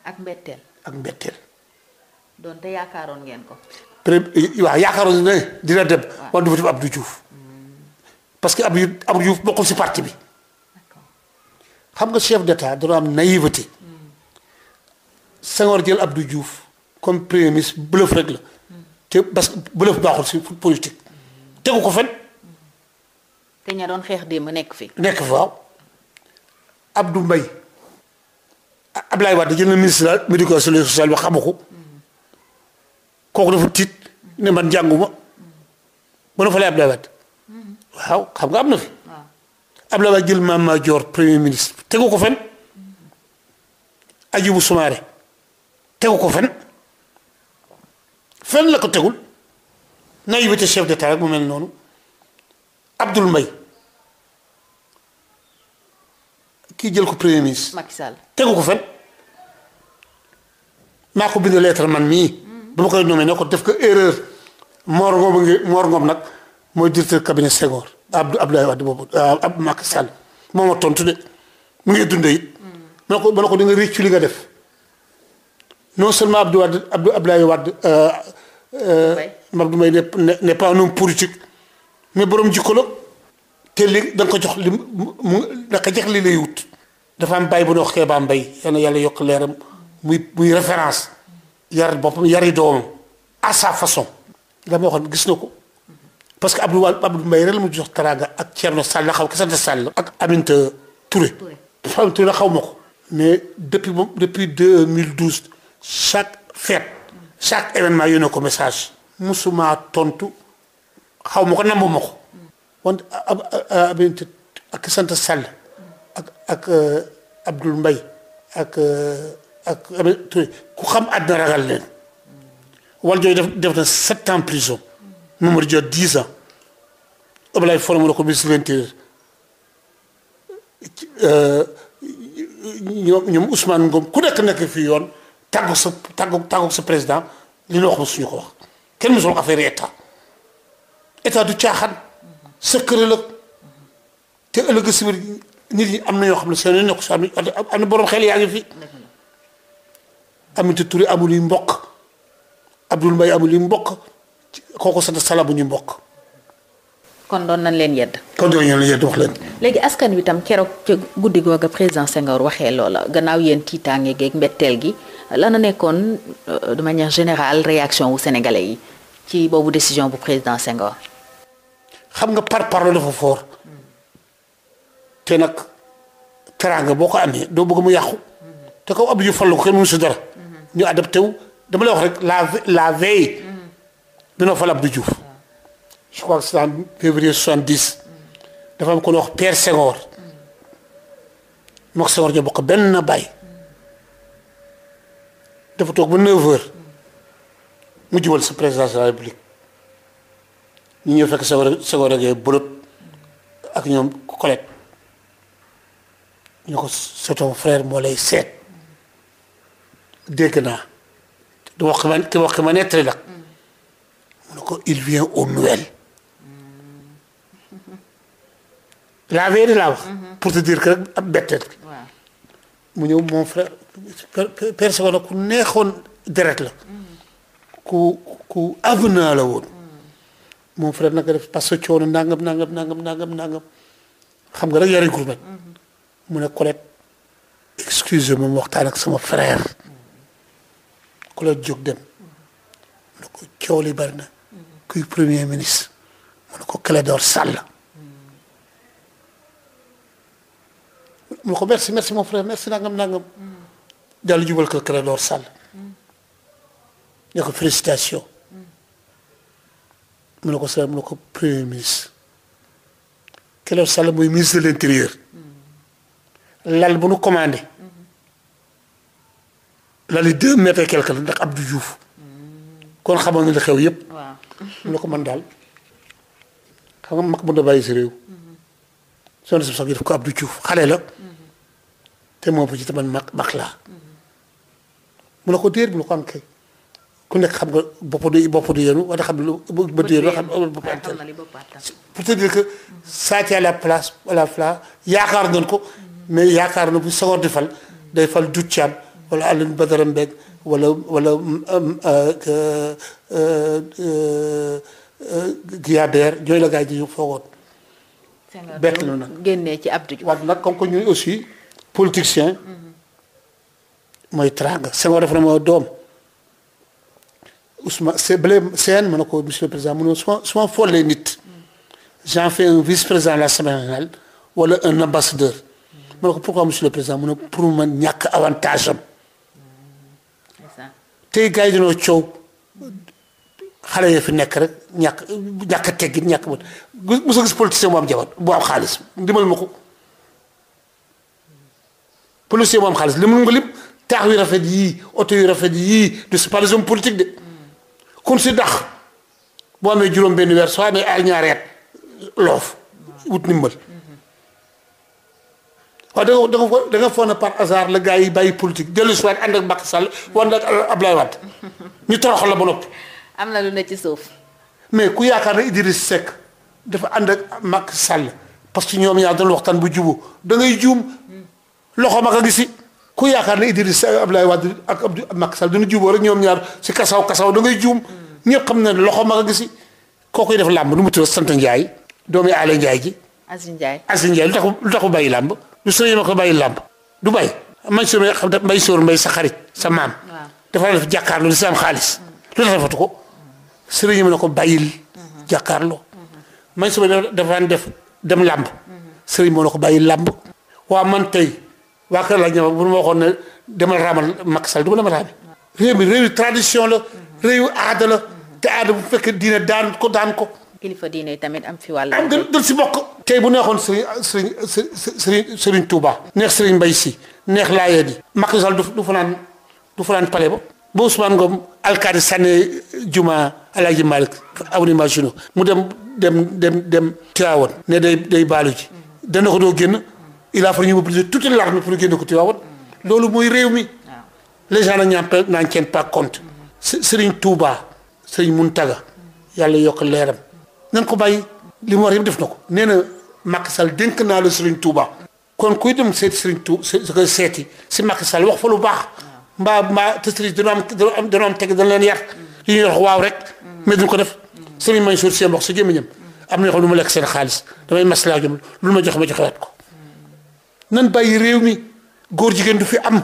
ak mbetteel ak mbetteel. donte yaakaaroon ngeen ko. waaw yaakaaroon ne dina dem. waaw du fa Abdou Diouf. Hmm. parce que Abdou Abdou Diouf bokkul si parti bi. xam nga chef d' état dana am naïveté. Hmm. Senghor jël Abdou Diouf comme premier ministre bluff rek la. Hmm. te parce que bluff baaxul si politique. tegu ko fen te ña doon xeex démb nekk fi. nekk fi waaw Abdou Mbaye Abdoulaye Wade jël na ministre médico social bi xamu ko. kooku dafa tiit ne man jànguma bu fa lay Abdoulaye Wade waaw xam nga am na fi Abdoulaye Wade jël Mame Madior premier ministre tegu ko fen Hadjibou Soumaré tegu ko fen fen la ko tegul naïveté chef d'état rek mu mel noonu Abdoul mbay kii jël ko premier ministre. Macky tegu ko fen maa ko bind lettre man mii. ba ma koy nommé ne ko def ko erreur Mor ngi Mor nag mooy directeur cabinet Senghor Abdou Abdoulaye Wade boobu euh, ab Macky Sall ma tontu de mu ngi dundee mm. ne ko ne di nga réccu li nga def seulement Abdou Wade Abdou Abdoulaye Wade. Mabdou euh, euh, Mbaye n'est pas un homme politique mais borom jikko te li da ko jox li mu da nga ko jox li lay wut. dafaa am bàyyi bu ñu wax Kéba Mbaye yal yàlla yokk leeram muy muy référence. yar boppam yari doomam à sa façon la ma waxoon gis na ko parce que Abdou Wal Abdou Mbaye ren mu jox teraanga ak Thierno Sall xaw ki sant Sall ak Aminta Touré Aminta Touré ko mais depuis moom depuis 2012 chaque fête chaque événement yónnee ko message musuma tontu xaw ma ko nambu ma ko Aminta ak ki sant Sall ak ak euh, Abdoul Mbaye euh, ak ku xam àddina ragal leen wal jooju def def na sept ans prison Mamadou Dia dix ans Ablaye Folomo la ko ministre de l'intérieur euh, ñoom ñoom Ousmane ku nekk nekk fii yoon tàggu sa tàggu tàggu sa président li ñu wax mosu ñu ko wax kenn mosul wax affaire état état du caaxaan secret la te ëllëg si nit am na ñoo xam ne seen nekk si am na borom xel yaa ngi fi. Aminata Touré amul yu mboq Abdoul Mbaye amul yi mbokk kooko sant sala bu ñu mbokk. kon doon nañ leen yedd. kon doon nañ leen yedd wax leen. léegi askan wi tam keroog ca guddi googa président Senghor waxee loola gannaaw yéen tiitaange geeg mbetteel gi lana nekkoon euh, de manière générale réaction wu sénégalais yi ci boobu décision bu président Senghor. xam nga par parlo dafa foor te nag teraanga boo ko amee doo bëgg mu yàqu te kaw ab yu fallu ko kenn mënu si dara ñu adapté wu dama lay wax rek la la veille. dina fal Abdou Diouf. je crois que c'est en février 70. dafa am ko ñu wax Pierre Senghor. moog Senghor ñu bokk mu jubal sa ñu ñëw fekk Senghor Senghor ak Bolot ak ñoom Colette. ñu ko sa ton moo lay seet. dégg naa te wax ma te wax ma nettali nag mu ne ko il vient aux nouvelles la veille laa wax. Mhm. pour te dire que rek ab betteel. mu ñëw moom frère personne ku neexoon deret la. Mhm. ku ku avenant la woon. Mhm. moom frère nag def parce que coono nangam nangam nangam nangam nangam xam nga rek yariñ ko mu ne Colette excuse moom waxtaan ak sama frère. ku la jóg dem mu ne ko coow li bari na kuy premier ministre mu ne ko Clédor Sall mu ne ko merci merci mon frère merci nangam nangam daal jubal ko Clédor Sall ne ministre Clédor lal bu nu commandé lali deux mètres et quelque la ndax du Diouf kon xamoon na li xew yëpp. waaw mu ne ko man daal xam nga mag mën na bàyyi si réew. Mm-hmm. soxna si sax def ko Abdou Diouf xale la mm-hmm. te moo fa ci tamit mag mag laa mm-hmm. mu ne ko déer mu ne ko am kay ku nekk xam nga bopp du bopp du yenu wala xam lu bët yenu xam bopp am pour te dire que saa à la place à la place yaakaar nañ ko mais yaakaar na bu sawar di fal day fal du caam wala Alioune Badara Mbengue walla wala mm, mm, uh, uh, uh, Guyader yooyu la gaa yi foogoon. bett na nag génnee ci Abdou Diouf. waaw nag comme que ñuy aussi politicien. Mm-hmm. mooy teraanga Senghor dafa la ma doom Ousmane c' mu mm-hmm. un vice président de l'Assemblée nationale wala un ambassadeur. Mm-hmm. ma ne ko pourquoi monsieur le président mu ne pour ma ñàkk avantage tey gars yi dañoo coow xale yoo fi nekk rek ñàkk ñàkk a teggin ñàkk ba mosoo gis politicien bu am jabar bu am xaalis dimbal ma ko politicien bu am xaalis li mun nga lépp taax yu rafet yii oto yu rafet yii du c'est pas les hommes politiques de kun si dax boo amee juróom benn weer soo amee ay ñaari at loof wut ndimbal waaw da nga da nga da par hasard la gars yi bàyyi politique dellu si waat ànd ak Macky Sall wànd ak Abdoulaye Wade ñu toroxal la ba noppi. am na lu ne suuf. mais ku yaakaar ne Idriss Seck dafa ànd ak Macky Sall parce que ñoom yaa doon waxtaan bu jubóo da ngay juum loxo ma ko gisi ku yaakaar ne Idriss Seck Abdoulaye Wade ak Abdou Macky Sall dina jubóo rek ñoom ñaar si kasaw kasaw da ngay juum. ñëpp xam na ne loxo ma ko gisi kooku def làmb nu mu tudd sant Ndiaye doomi Aly Ndiaye ji. Asin Ndiaye Asin Ndiaye lu tax lu tax mu bàyyi làmb. du sama yéen a ko bàyyi làmb du bàyyi. Mansour Mbaye xam nga Mansour Mbaye sa xarit sa maam. dafa def jàkkaarloo di sa am xaalis. lu tax defatu ko sëriñ bi ne ko bàyyil. jàkkaarloo. waa man tey waa kër la ñëw bu ma waxoon demal raamal Macky Sall du ma demal raami. réew mi réew tradition la. réew aada la. te aada bu fekkee diine daan ko daan ko. kilifa diine tamit am fi wàll. am gën si bokk. tey bu neexoon Serigne Serigne Serigne Touba. neex Serigne Mbaye si neex Laayeen yi. Macky Sall du du fanaan du fanaan pale ba. ba Ousmane Ngom alkaati sànni juma El Hadj Malick avenue Maginot mu dem dem dem dem Tivaouane. ne day day baalu ji. dana ko doo génn il a fallu ñu mobiliser toute l'armée pour génne ko Tivaouane loolu mooy réew mi. les gens nag ñaan naan tiennent pas compte. Mm-hmm. Serigne Touba Serigne Mountaga yàlla yokk leeram. nañ ko bàyyi li mu war yëpp def na ko Macky Sall dénk naa la Serigne Touba. kon kuy dem seeti Serigne Touba su koy seeti si Macky sal wax fa lu baax. mbaa mbaa te Serigne dina am dina am teg dana leen yar. Mm. li ñuy wax waaw rek. Mm. mais duñ ko def. Mm. Serigne Mansour Sy wax si gémmiñam am na yoo xam ne du ma lekk seen xaalis damay maslaa jëm lu ma jox ma joxewaat ko. nan bàyyi réew mi góor jigéen du fi am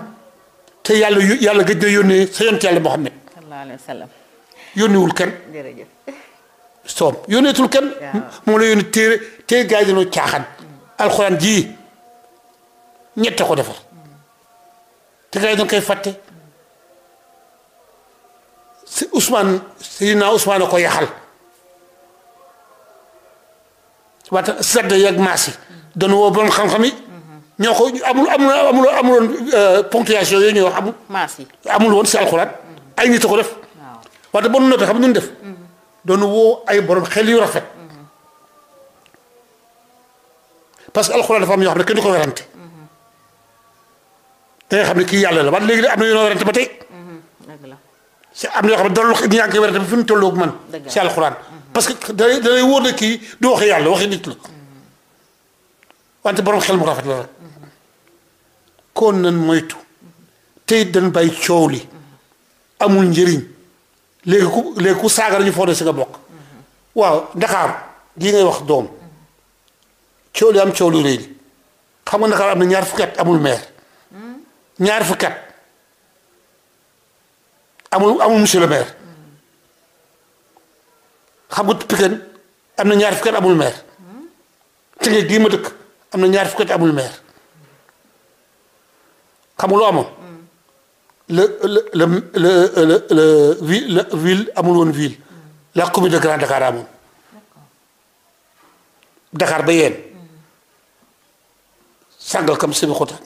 te yàlla yàlla gëj na yónnee sa yonent yàlla Muhammad. sallallahu alayhi wa sallam. yónniwul kenn. soom yónneetul kenn. moom la yónnee téere téere gars yi dañoo alxuraan jii ñette ko defar te gars yi dañ koy fàtte si Ousmane Seydina Ousmane a ko yaxal waxtaan sàdd yi ak maas yi dañu woo borom xam-xam yi. ñoo ko amul amul amul amuloon euh, ponctuation yooyu ñuy wax amul. amul woon si alxuraan ay nit ko def. waaw ba nu noppee xam nu def. Mm-hmm. doon woo ay borom xel yu rafet parce que alxuraan dafa am yoo xam ne kenn du ko werante da xam ne kii yàlla la waaye léegi am na yoo werante ba tey si am na yoo xam ne dalul ñaa ngi koy werante ba fi mu tolloog man si alxuraan parce que da dalay wóor ne kii du waxi yàlla waxi nit la wante borom xel mu rafet la rek kon nan moytu tey dañ bàyyi coow li amul njëriñ léegi ku léegi ku saaga ñu foog ne si nga bokk. waaw Dakar lii ngay wax doom coow li am coow lu rëy xam nga Dakar am na ñaar fukki amul maire ñaar fukki amul amul xam nga Pikine am na ñaar fukki at amul maire Tëngéej gii ma dëkk am na ñaar fukki at amul maire xam amoon. la la la la ville la ville amul woon ville la commune de Grand Dakar amoon ba yeen sàngal kam sëbi xutaan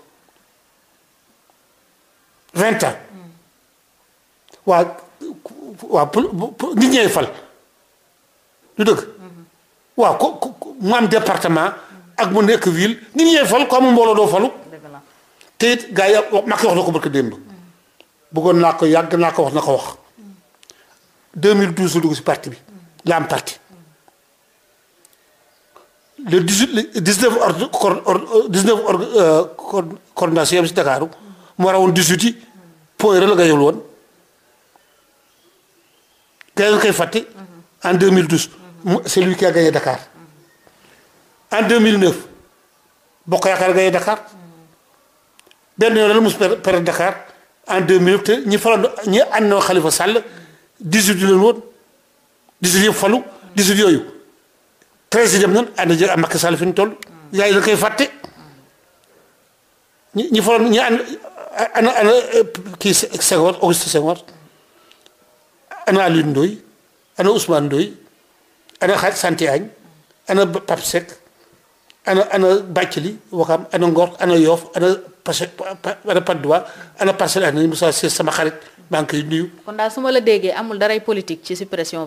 vingt ans hmm. waa waa nit ñee fal lu dëgg hmm. waaw ko mu am département ak mu nekk ville nit ñee fal ko amul mbooloo doo falu te gaa yi Macky wax na ko barke démb bëggoon naa ko yàgg naa ko wax na ko wax 2012 la dugg si parti bi la am parti le 18 19 ordre cor or 19 ordre euh, coordination yi si Dakar moo rawoon 18 yi point rek la gayul woon gars yi koy fàtte en 2012 mu c'est lui a gagné Dakar en 2009 bokk yaakaar gagné Dakar benn yoon la mu perte Dakar. en deux minutes te ñi falandoo ñi àndoo Khalifa Sall 18 la woon 18 yëpp falu 18 yooyu 13 dem nañ ànd jël ak Macky Sall fi ñu toll. yaay la koy fàtte ñi ñi ñi ànd ana ana kii Senghor Auguste Senghor ana Alioune Ndoye ana Ousmane Ndoye ana Khady Santé Agne ana Pape Seck. ana ana Bathily Wakaam ana Ngor ana Yoff ana Pache ana Patte d'Oie ana Parcelles Assainies Moussa Cissé sama xarit maa ngi koy nuyu. kon daal su ma la déggee amul daray politique ci ko am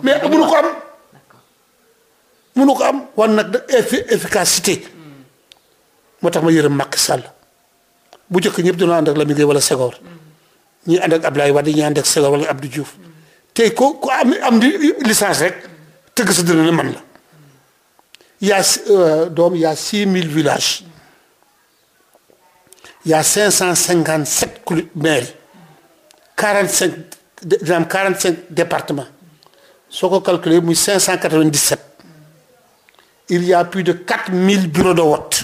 mënu nag da efficacité. Hmm. moo tax ma yërëm Macky Sall bu njëkk ñëpp dañoo ànd ak Lamine Gueye wala Senghor hmm. ñi ànd ak Abdoulaye Wade ñi ànd ak Senghor wala Abdou Diouf hmm. tey ko ku am di licence rek tëgg sa dënn ne man la. il y a euh, donc il y a 6000 villages il y a soo ko calculer muy 597 il y a plus de 4000 bureaux de vote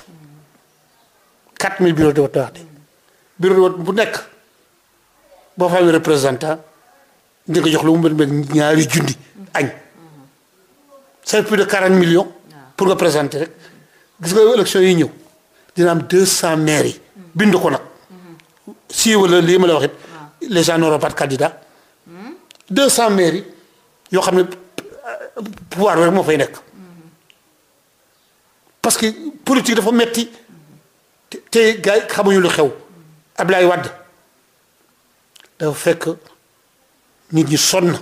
4000 bureaux de vote wax de bureau de vote bu nekk boo fa amee représentant di jox lu mu mel ñaari junni añ c'est plus de 40 millions. pour nga présenter rek gis nga élection yi ñëw dina am deux cent maires yi bind ko nag si wala lii ma la wax it les gens n'auront pas de candidat deux cent maires yoo xam ne pouvoir rek moo fay nekk parce que politique dafa metti te gars yi xamuñu lu xew Ablaye Wade dafa fekk nit ñi sonn.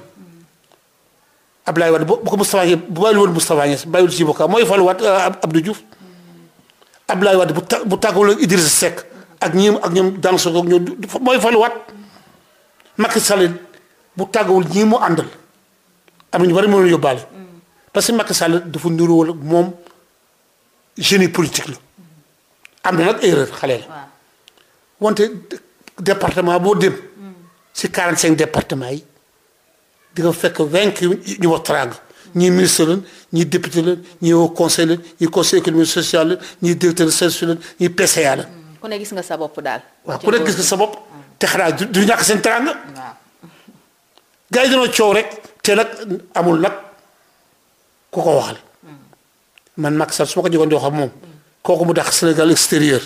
Abdoulaye Wade bu ko Moustapha Niasse bu bàyyiwul woon Moustapha Niasse bàyyiwul ci bokk mooy faluwaat euh, Abdou Diouf Abdoulaye Wade bu ta bu tàggawul ak Idrissa Seck ak ñi ak ñoom dans ce ñoo mooy faluwaat Macky Sall bu tàggawul ñii mu àndal am ñu bari mënul yóbbaale. parce que Macky Sall dafa niruwal moom génie politique la am na nag erreur xale la wante département boo dem. si 45 département yi. di nga fekk vaincre ñu wax teraanga ñii ministre leen ñii député leen ñii au conseil leen ñii conseil économique social leen ñii directeur de service leen ñii PCA la. Mm. ku ne gis nga sa bopp daal. waaw ku ne gis nga sa bopp. Mm. te xanaa du ñàkk seen teraanga. waaw. gars yi rek te nag amul nag ku ko waxale mm. man Macky sa su ma ko jógoon wax moom. kooku mu dàq Sénégal extérieur.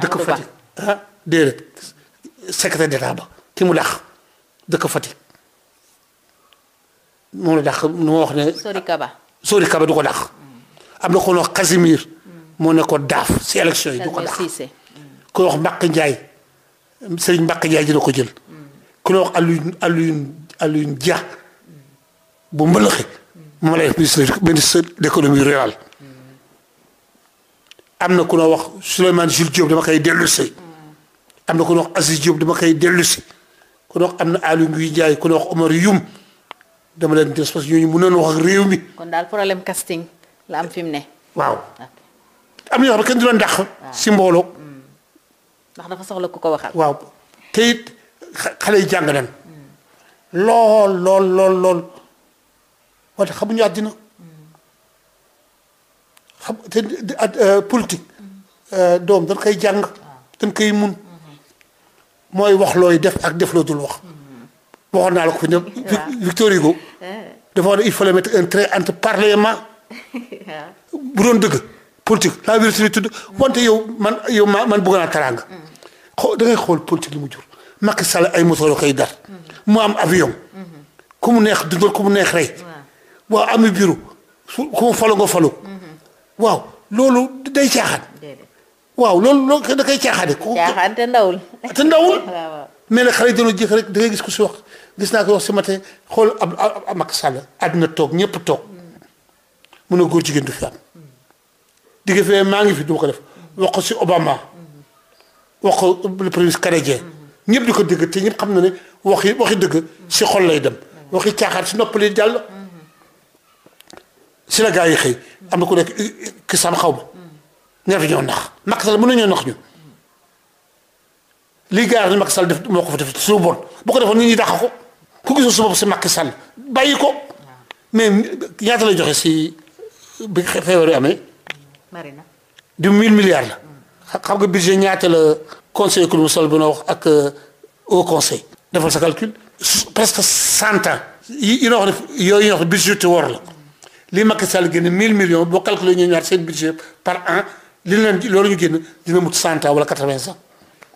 dëkk Fatick ah déedéet secrétaire ki mu dàq dëkk Fatick. moom la dàq nu ma wax ne. Sori Kaba Sori du ko dàq. am na ko wax Casimir. moo ne ko daaf si élection yi. du ko dàq ku wax Mbacke Ndiaye Serigne Mbacke Ndiaye dina ko jël. ku wax Alioune Alioune Alioune Dia bu mbëlëxe moom lay ministre na ku noo wax Souleymane Jules Diop dama na ku noo wax Aziz Diop dama koy dellu si. ku noo dama leen des parce que ñooñu mën nañu wax ak réew mi. kon daal problème casting la am fi ne. waaw am na yoo xam ne kenn du leen dàq. si hmm. ndax dafa soxla ku ko waxal. waaw te it xale yi jàng nañ. Hmm. lool lool xamuñu àddina hmm. xam te euh, politique euh, dañ koy jàng ah. dañ koy mun mooy wax looy def ak def dul wax. waxoon naa la ko fi ñoom. Victor Hugo. Eh. dafa wax ne il fallait mettre un trait entre parlement. bu doon dëgg politique la vérité tudd mm. wante yow man yow ma man bëgg naa teraanga. Mm. xoo da ngay xool politique li mu jur. Macky Sall ay moto la koy dar. Mm. mu am avion. Mm-hmm. ku mu neex dundal ku mu neex rey. waaw ami bureau su ku mu falu nga falu. Mm-hmm. waaw loolu day caaxaan. waaw loolu loolu da koy caaxaane. caaxaan te ndawul. te ndawul. mais nag xale yi rek da gis ku si wax. gis naa ko wax si matin xool ab ab Macky Sall toog ñëpp toog mm. mun a góor jigéen du fi am digg fee maa ngi fi du ma ko def mm. wax ko si Obama mm. wax ko le premier canadien ñëpp di ko dégg te ñëpp xam na ne waxi waxi dëgg si xol lay dem waxi caaxaan si noppali jàll si la gaa yi xëy am na ku nekk ki sam xaw ma ñaar fi ñoo nax Macky Sall mën na ñoo nax ñu lii gaar ni Macky Sall def moo ko fa def su bon ko defoon nit ñi dàq ko ku gisul sa bopp si Macky Sall bàyyi ko mais ñaata la joxe si bi feebar bi amee. bari na du la. xam nga budget ñaata la conseil mu sol bi na wax ak euh, haut conseil. defal sa calcul presque cent yi yi nga wax ne yooyu nga wax ne te war la li Macky Sall génn mille millions boo calculé ñu ñaar seen budget par an li leen loolu ñu génn dina mut cent ans wala quatre-vingts ans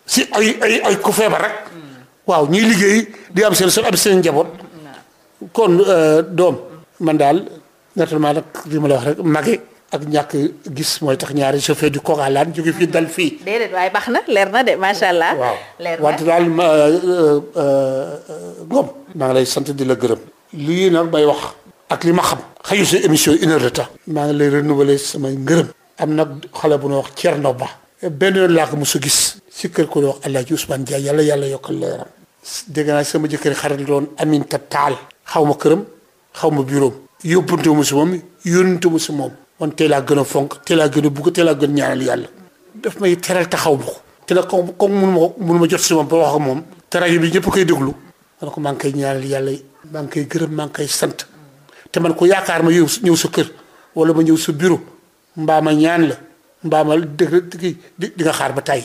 si ay ay ay feebar rek. waaw ñuy liggéey di am seen sol am seen njaboot kon euh, doom man daal naturellement nag li ma la wax rek mage ak ñàkk gis mooy tax ñaari chauffeur du Kogalaan jóge dal fii. déedéet waaye na leer na de macha allah. leer na wante daal ma Ngom. Euh, euh, maa ngi lay sant di la gërëm. lii nag may wax. ak li ma xam. xëyu émission une heure maa ngi lay renouveler samay ngërëm. am nag xale bu ñuy wax Thierno Ba. benn yoon laa ko mu a gis. si kër ko wax El Hadj Ousmane Ndiaye yàlla yàlla yokkal leeram dégg naa sama jëkkër xarit loon Aminta Taal xaw ma këram xaw ma bureau yóbbante mu si moom yónnante mu si moom man tey gën a fonk tey gën a bugg tey laa gën a yàlla daf may teral taxaw ma ko te nag comme comme mënu ma ko si moom ba wax ak moom te rajo bi ñëpp koy déglu man ko maa ngi koy ñaanal yàlla maa ngi koy gërëm maa ngi sant te man ko yaakaar ma ñëw sa kër wala ma ñëw sa bureau mbaa ma ñaan la mbaamal dëgg kii di nga xaar ba tay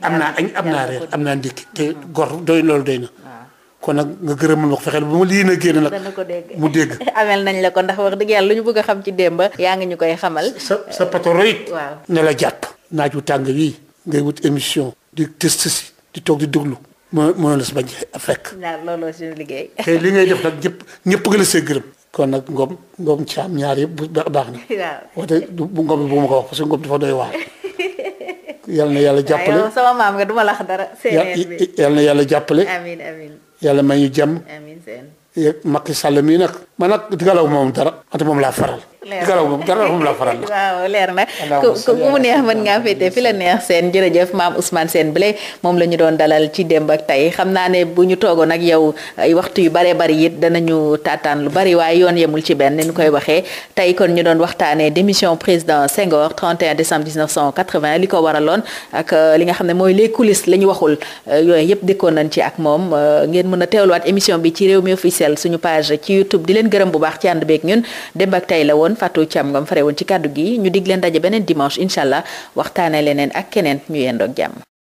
am naa añ am naa reer am naa ndikk te mm-hmm. gor doy loolu doy na kon nag nga gërëmal ma ko fexeel bu ma lii na génn nag mu dégg amel nañ la ko ndax wax dëgg yàlla lu ñu bëgg a xam ci démb yaa ngi ñu koy xamal sa sa patoro it waaw jàpp naaj wu tàng wii ngay wut émission di test si di toog di déglu moo mënoon la si bañ fekk looloo suñu liggéey te li ngay def nag ñëpp ñëpp nga la see gërëm kon nag ngom ngom caam ñaar yëpp bu baax na. waaw wate bu ngom bi bu ko wax parce que ngom dafa doy waar. yal na yàlla jàppale sama maam nga la wax dara. yal yàlla jàppale. amiin amiin yàlla may ñu jàmm. amiin mii nag. man nag digalaw moom dara. wante moom laa faral. garabu garabu la faral la. leer na ku ku mu neex mën ngaa féetee seen jërëjëf maam Ousmane Sène Blay moom la ñu doon dalal ci démb tey xam naa ne bu ñu toogoon ak yow waxtu yu baree bari it danañu taataan lu bari waaye yoon yemul ci benn ni ñu koy waxee tey kon ñu doon waxtaanee démission président Senghor 31 décembre 1980 li ko waraloon ak euh, li nga xam ne mooy les coulisses la ñu waxul euh, yooyu yëpp dikkoon nañ ci ak moom euh, ngeen mën a teewluwaat émission bi ci réew mi officiel suñu page ci YouTube di leen gërëm bu baax ci ànd beeg ñun démb ak tey la woon woon Fatou Thiam Ngom ci kàddu gi ñu dig leen daje beneen dimanche incha allah waxtaane leneen ak keneen ñu yendoog jàmm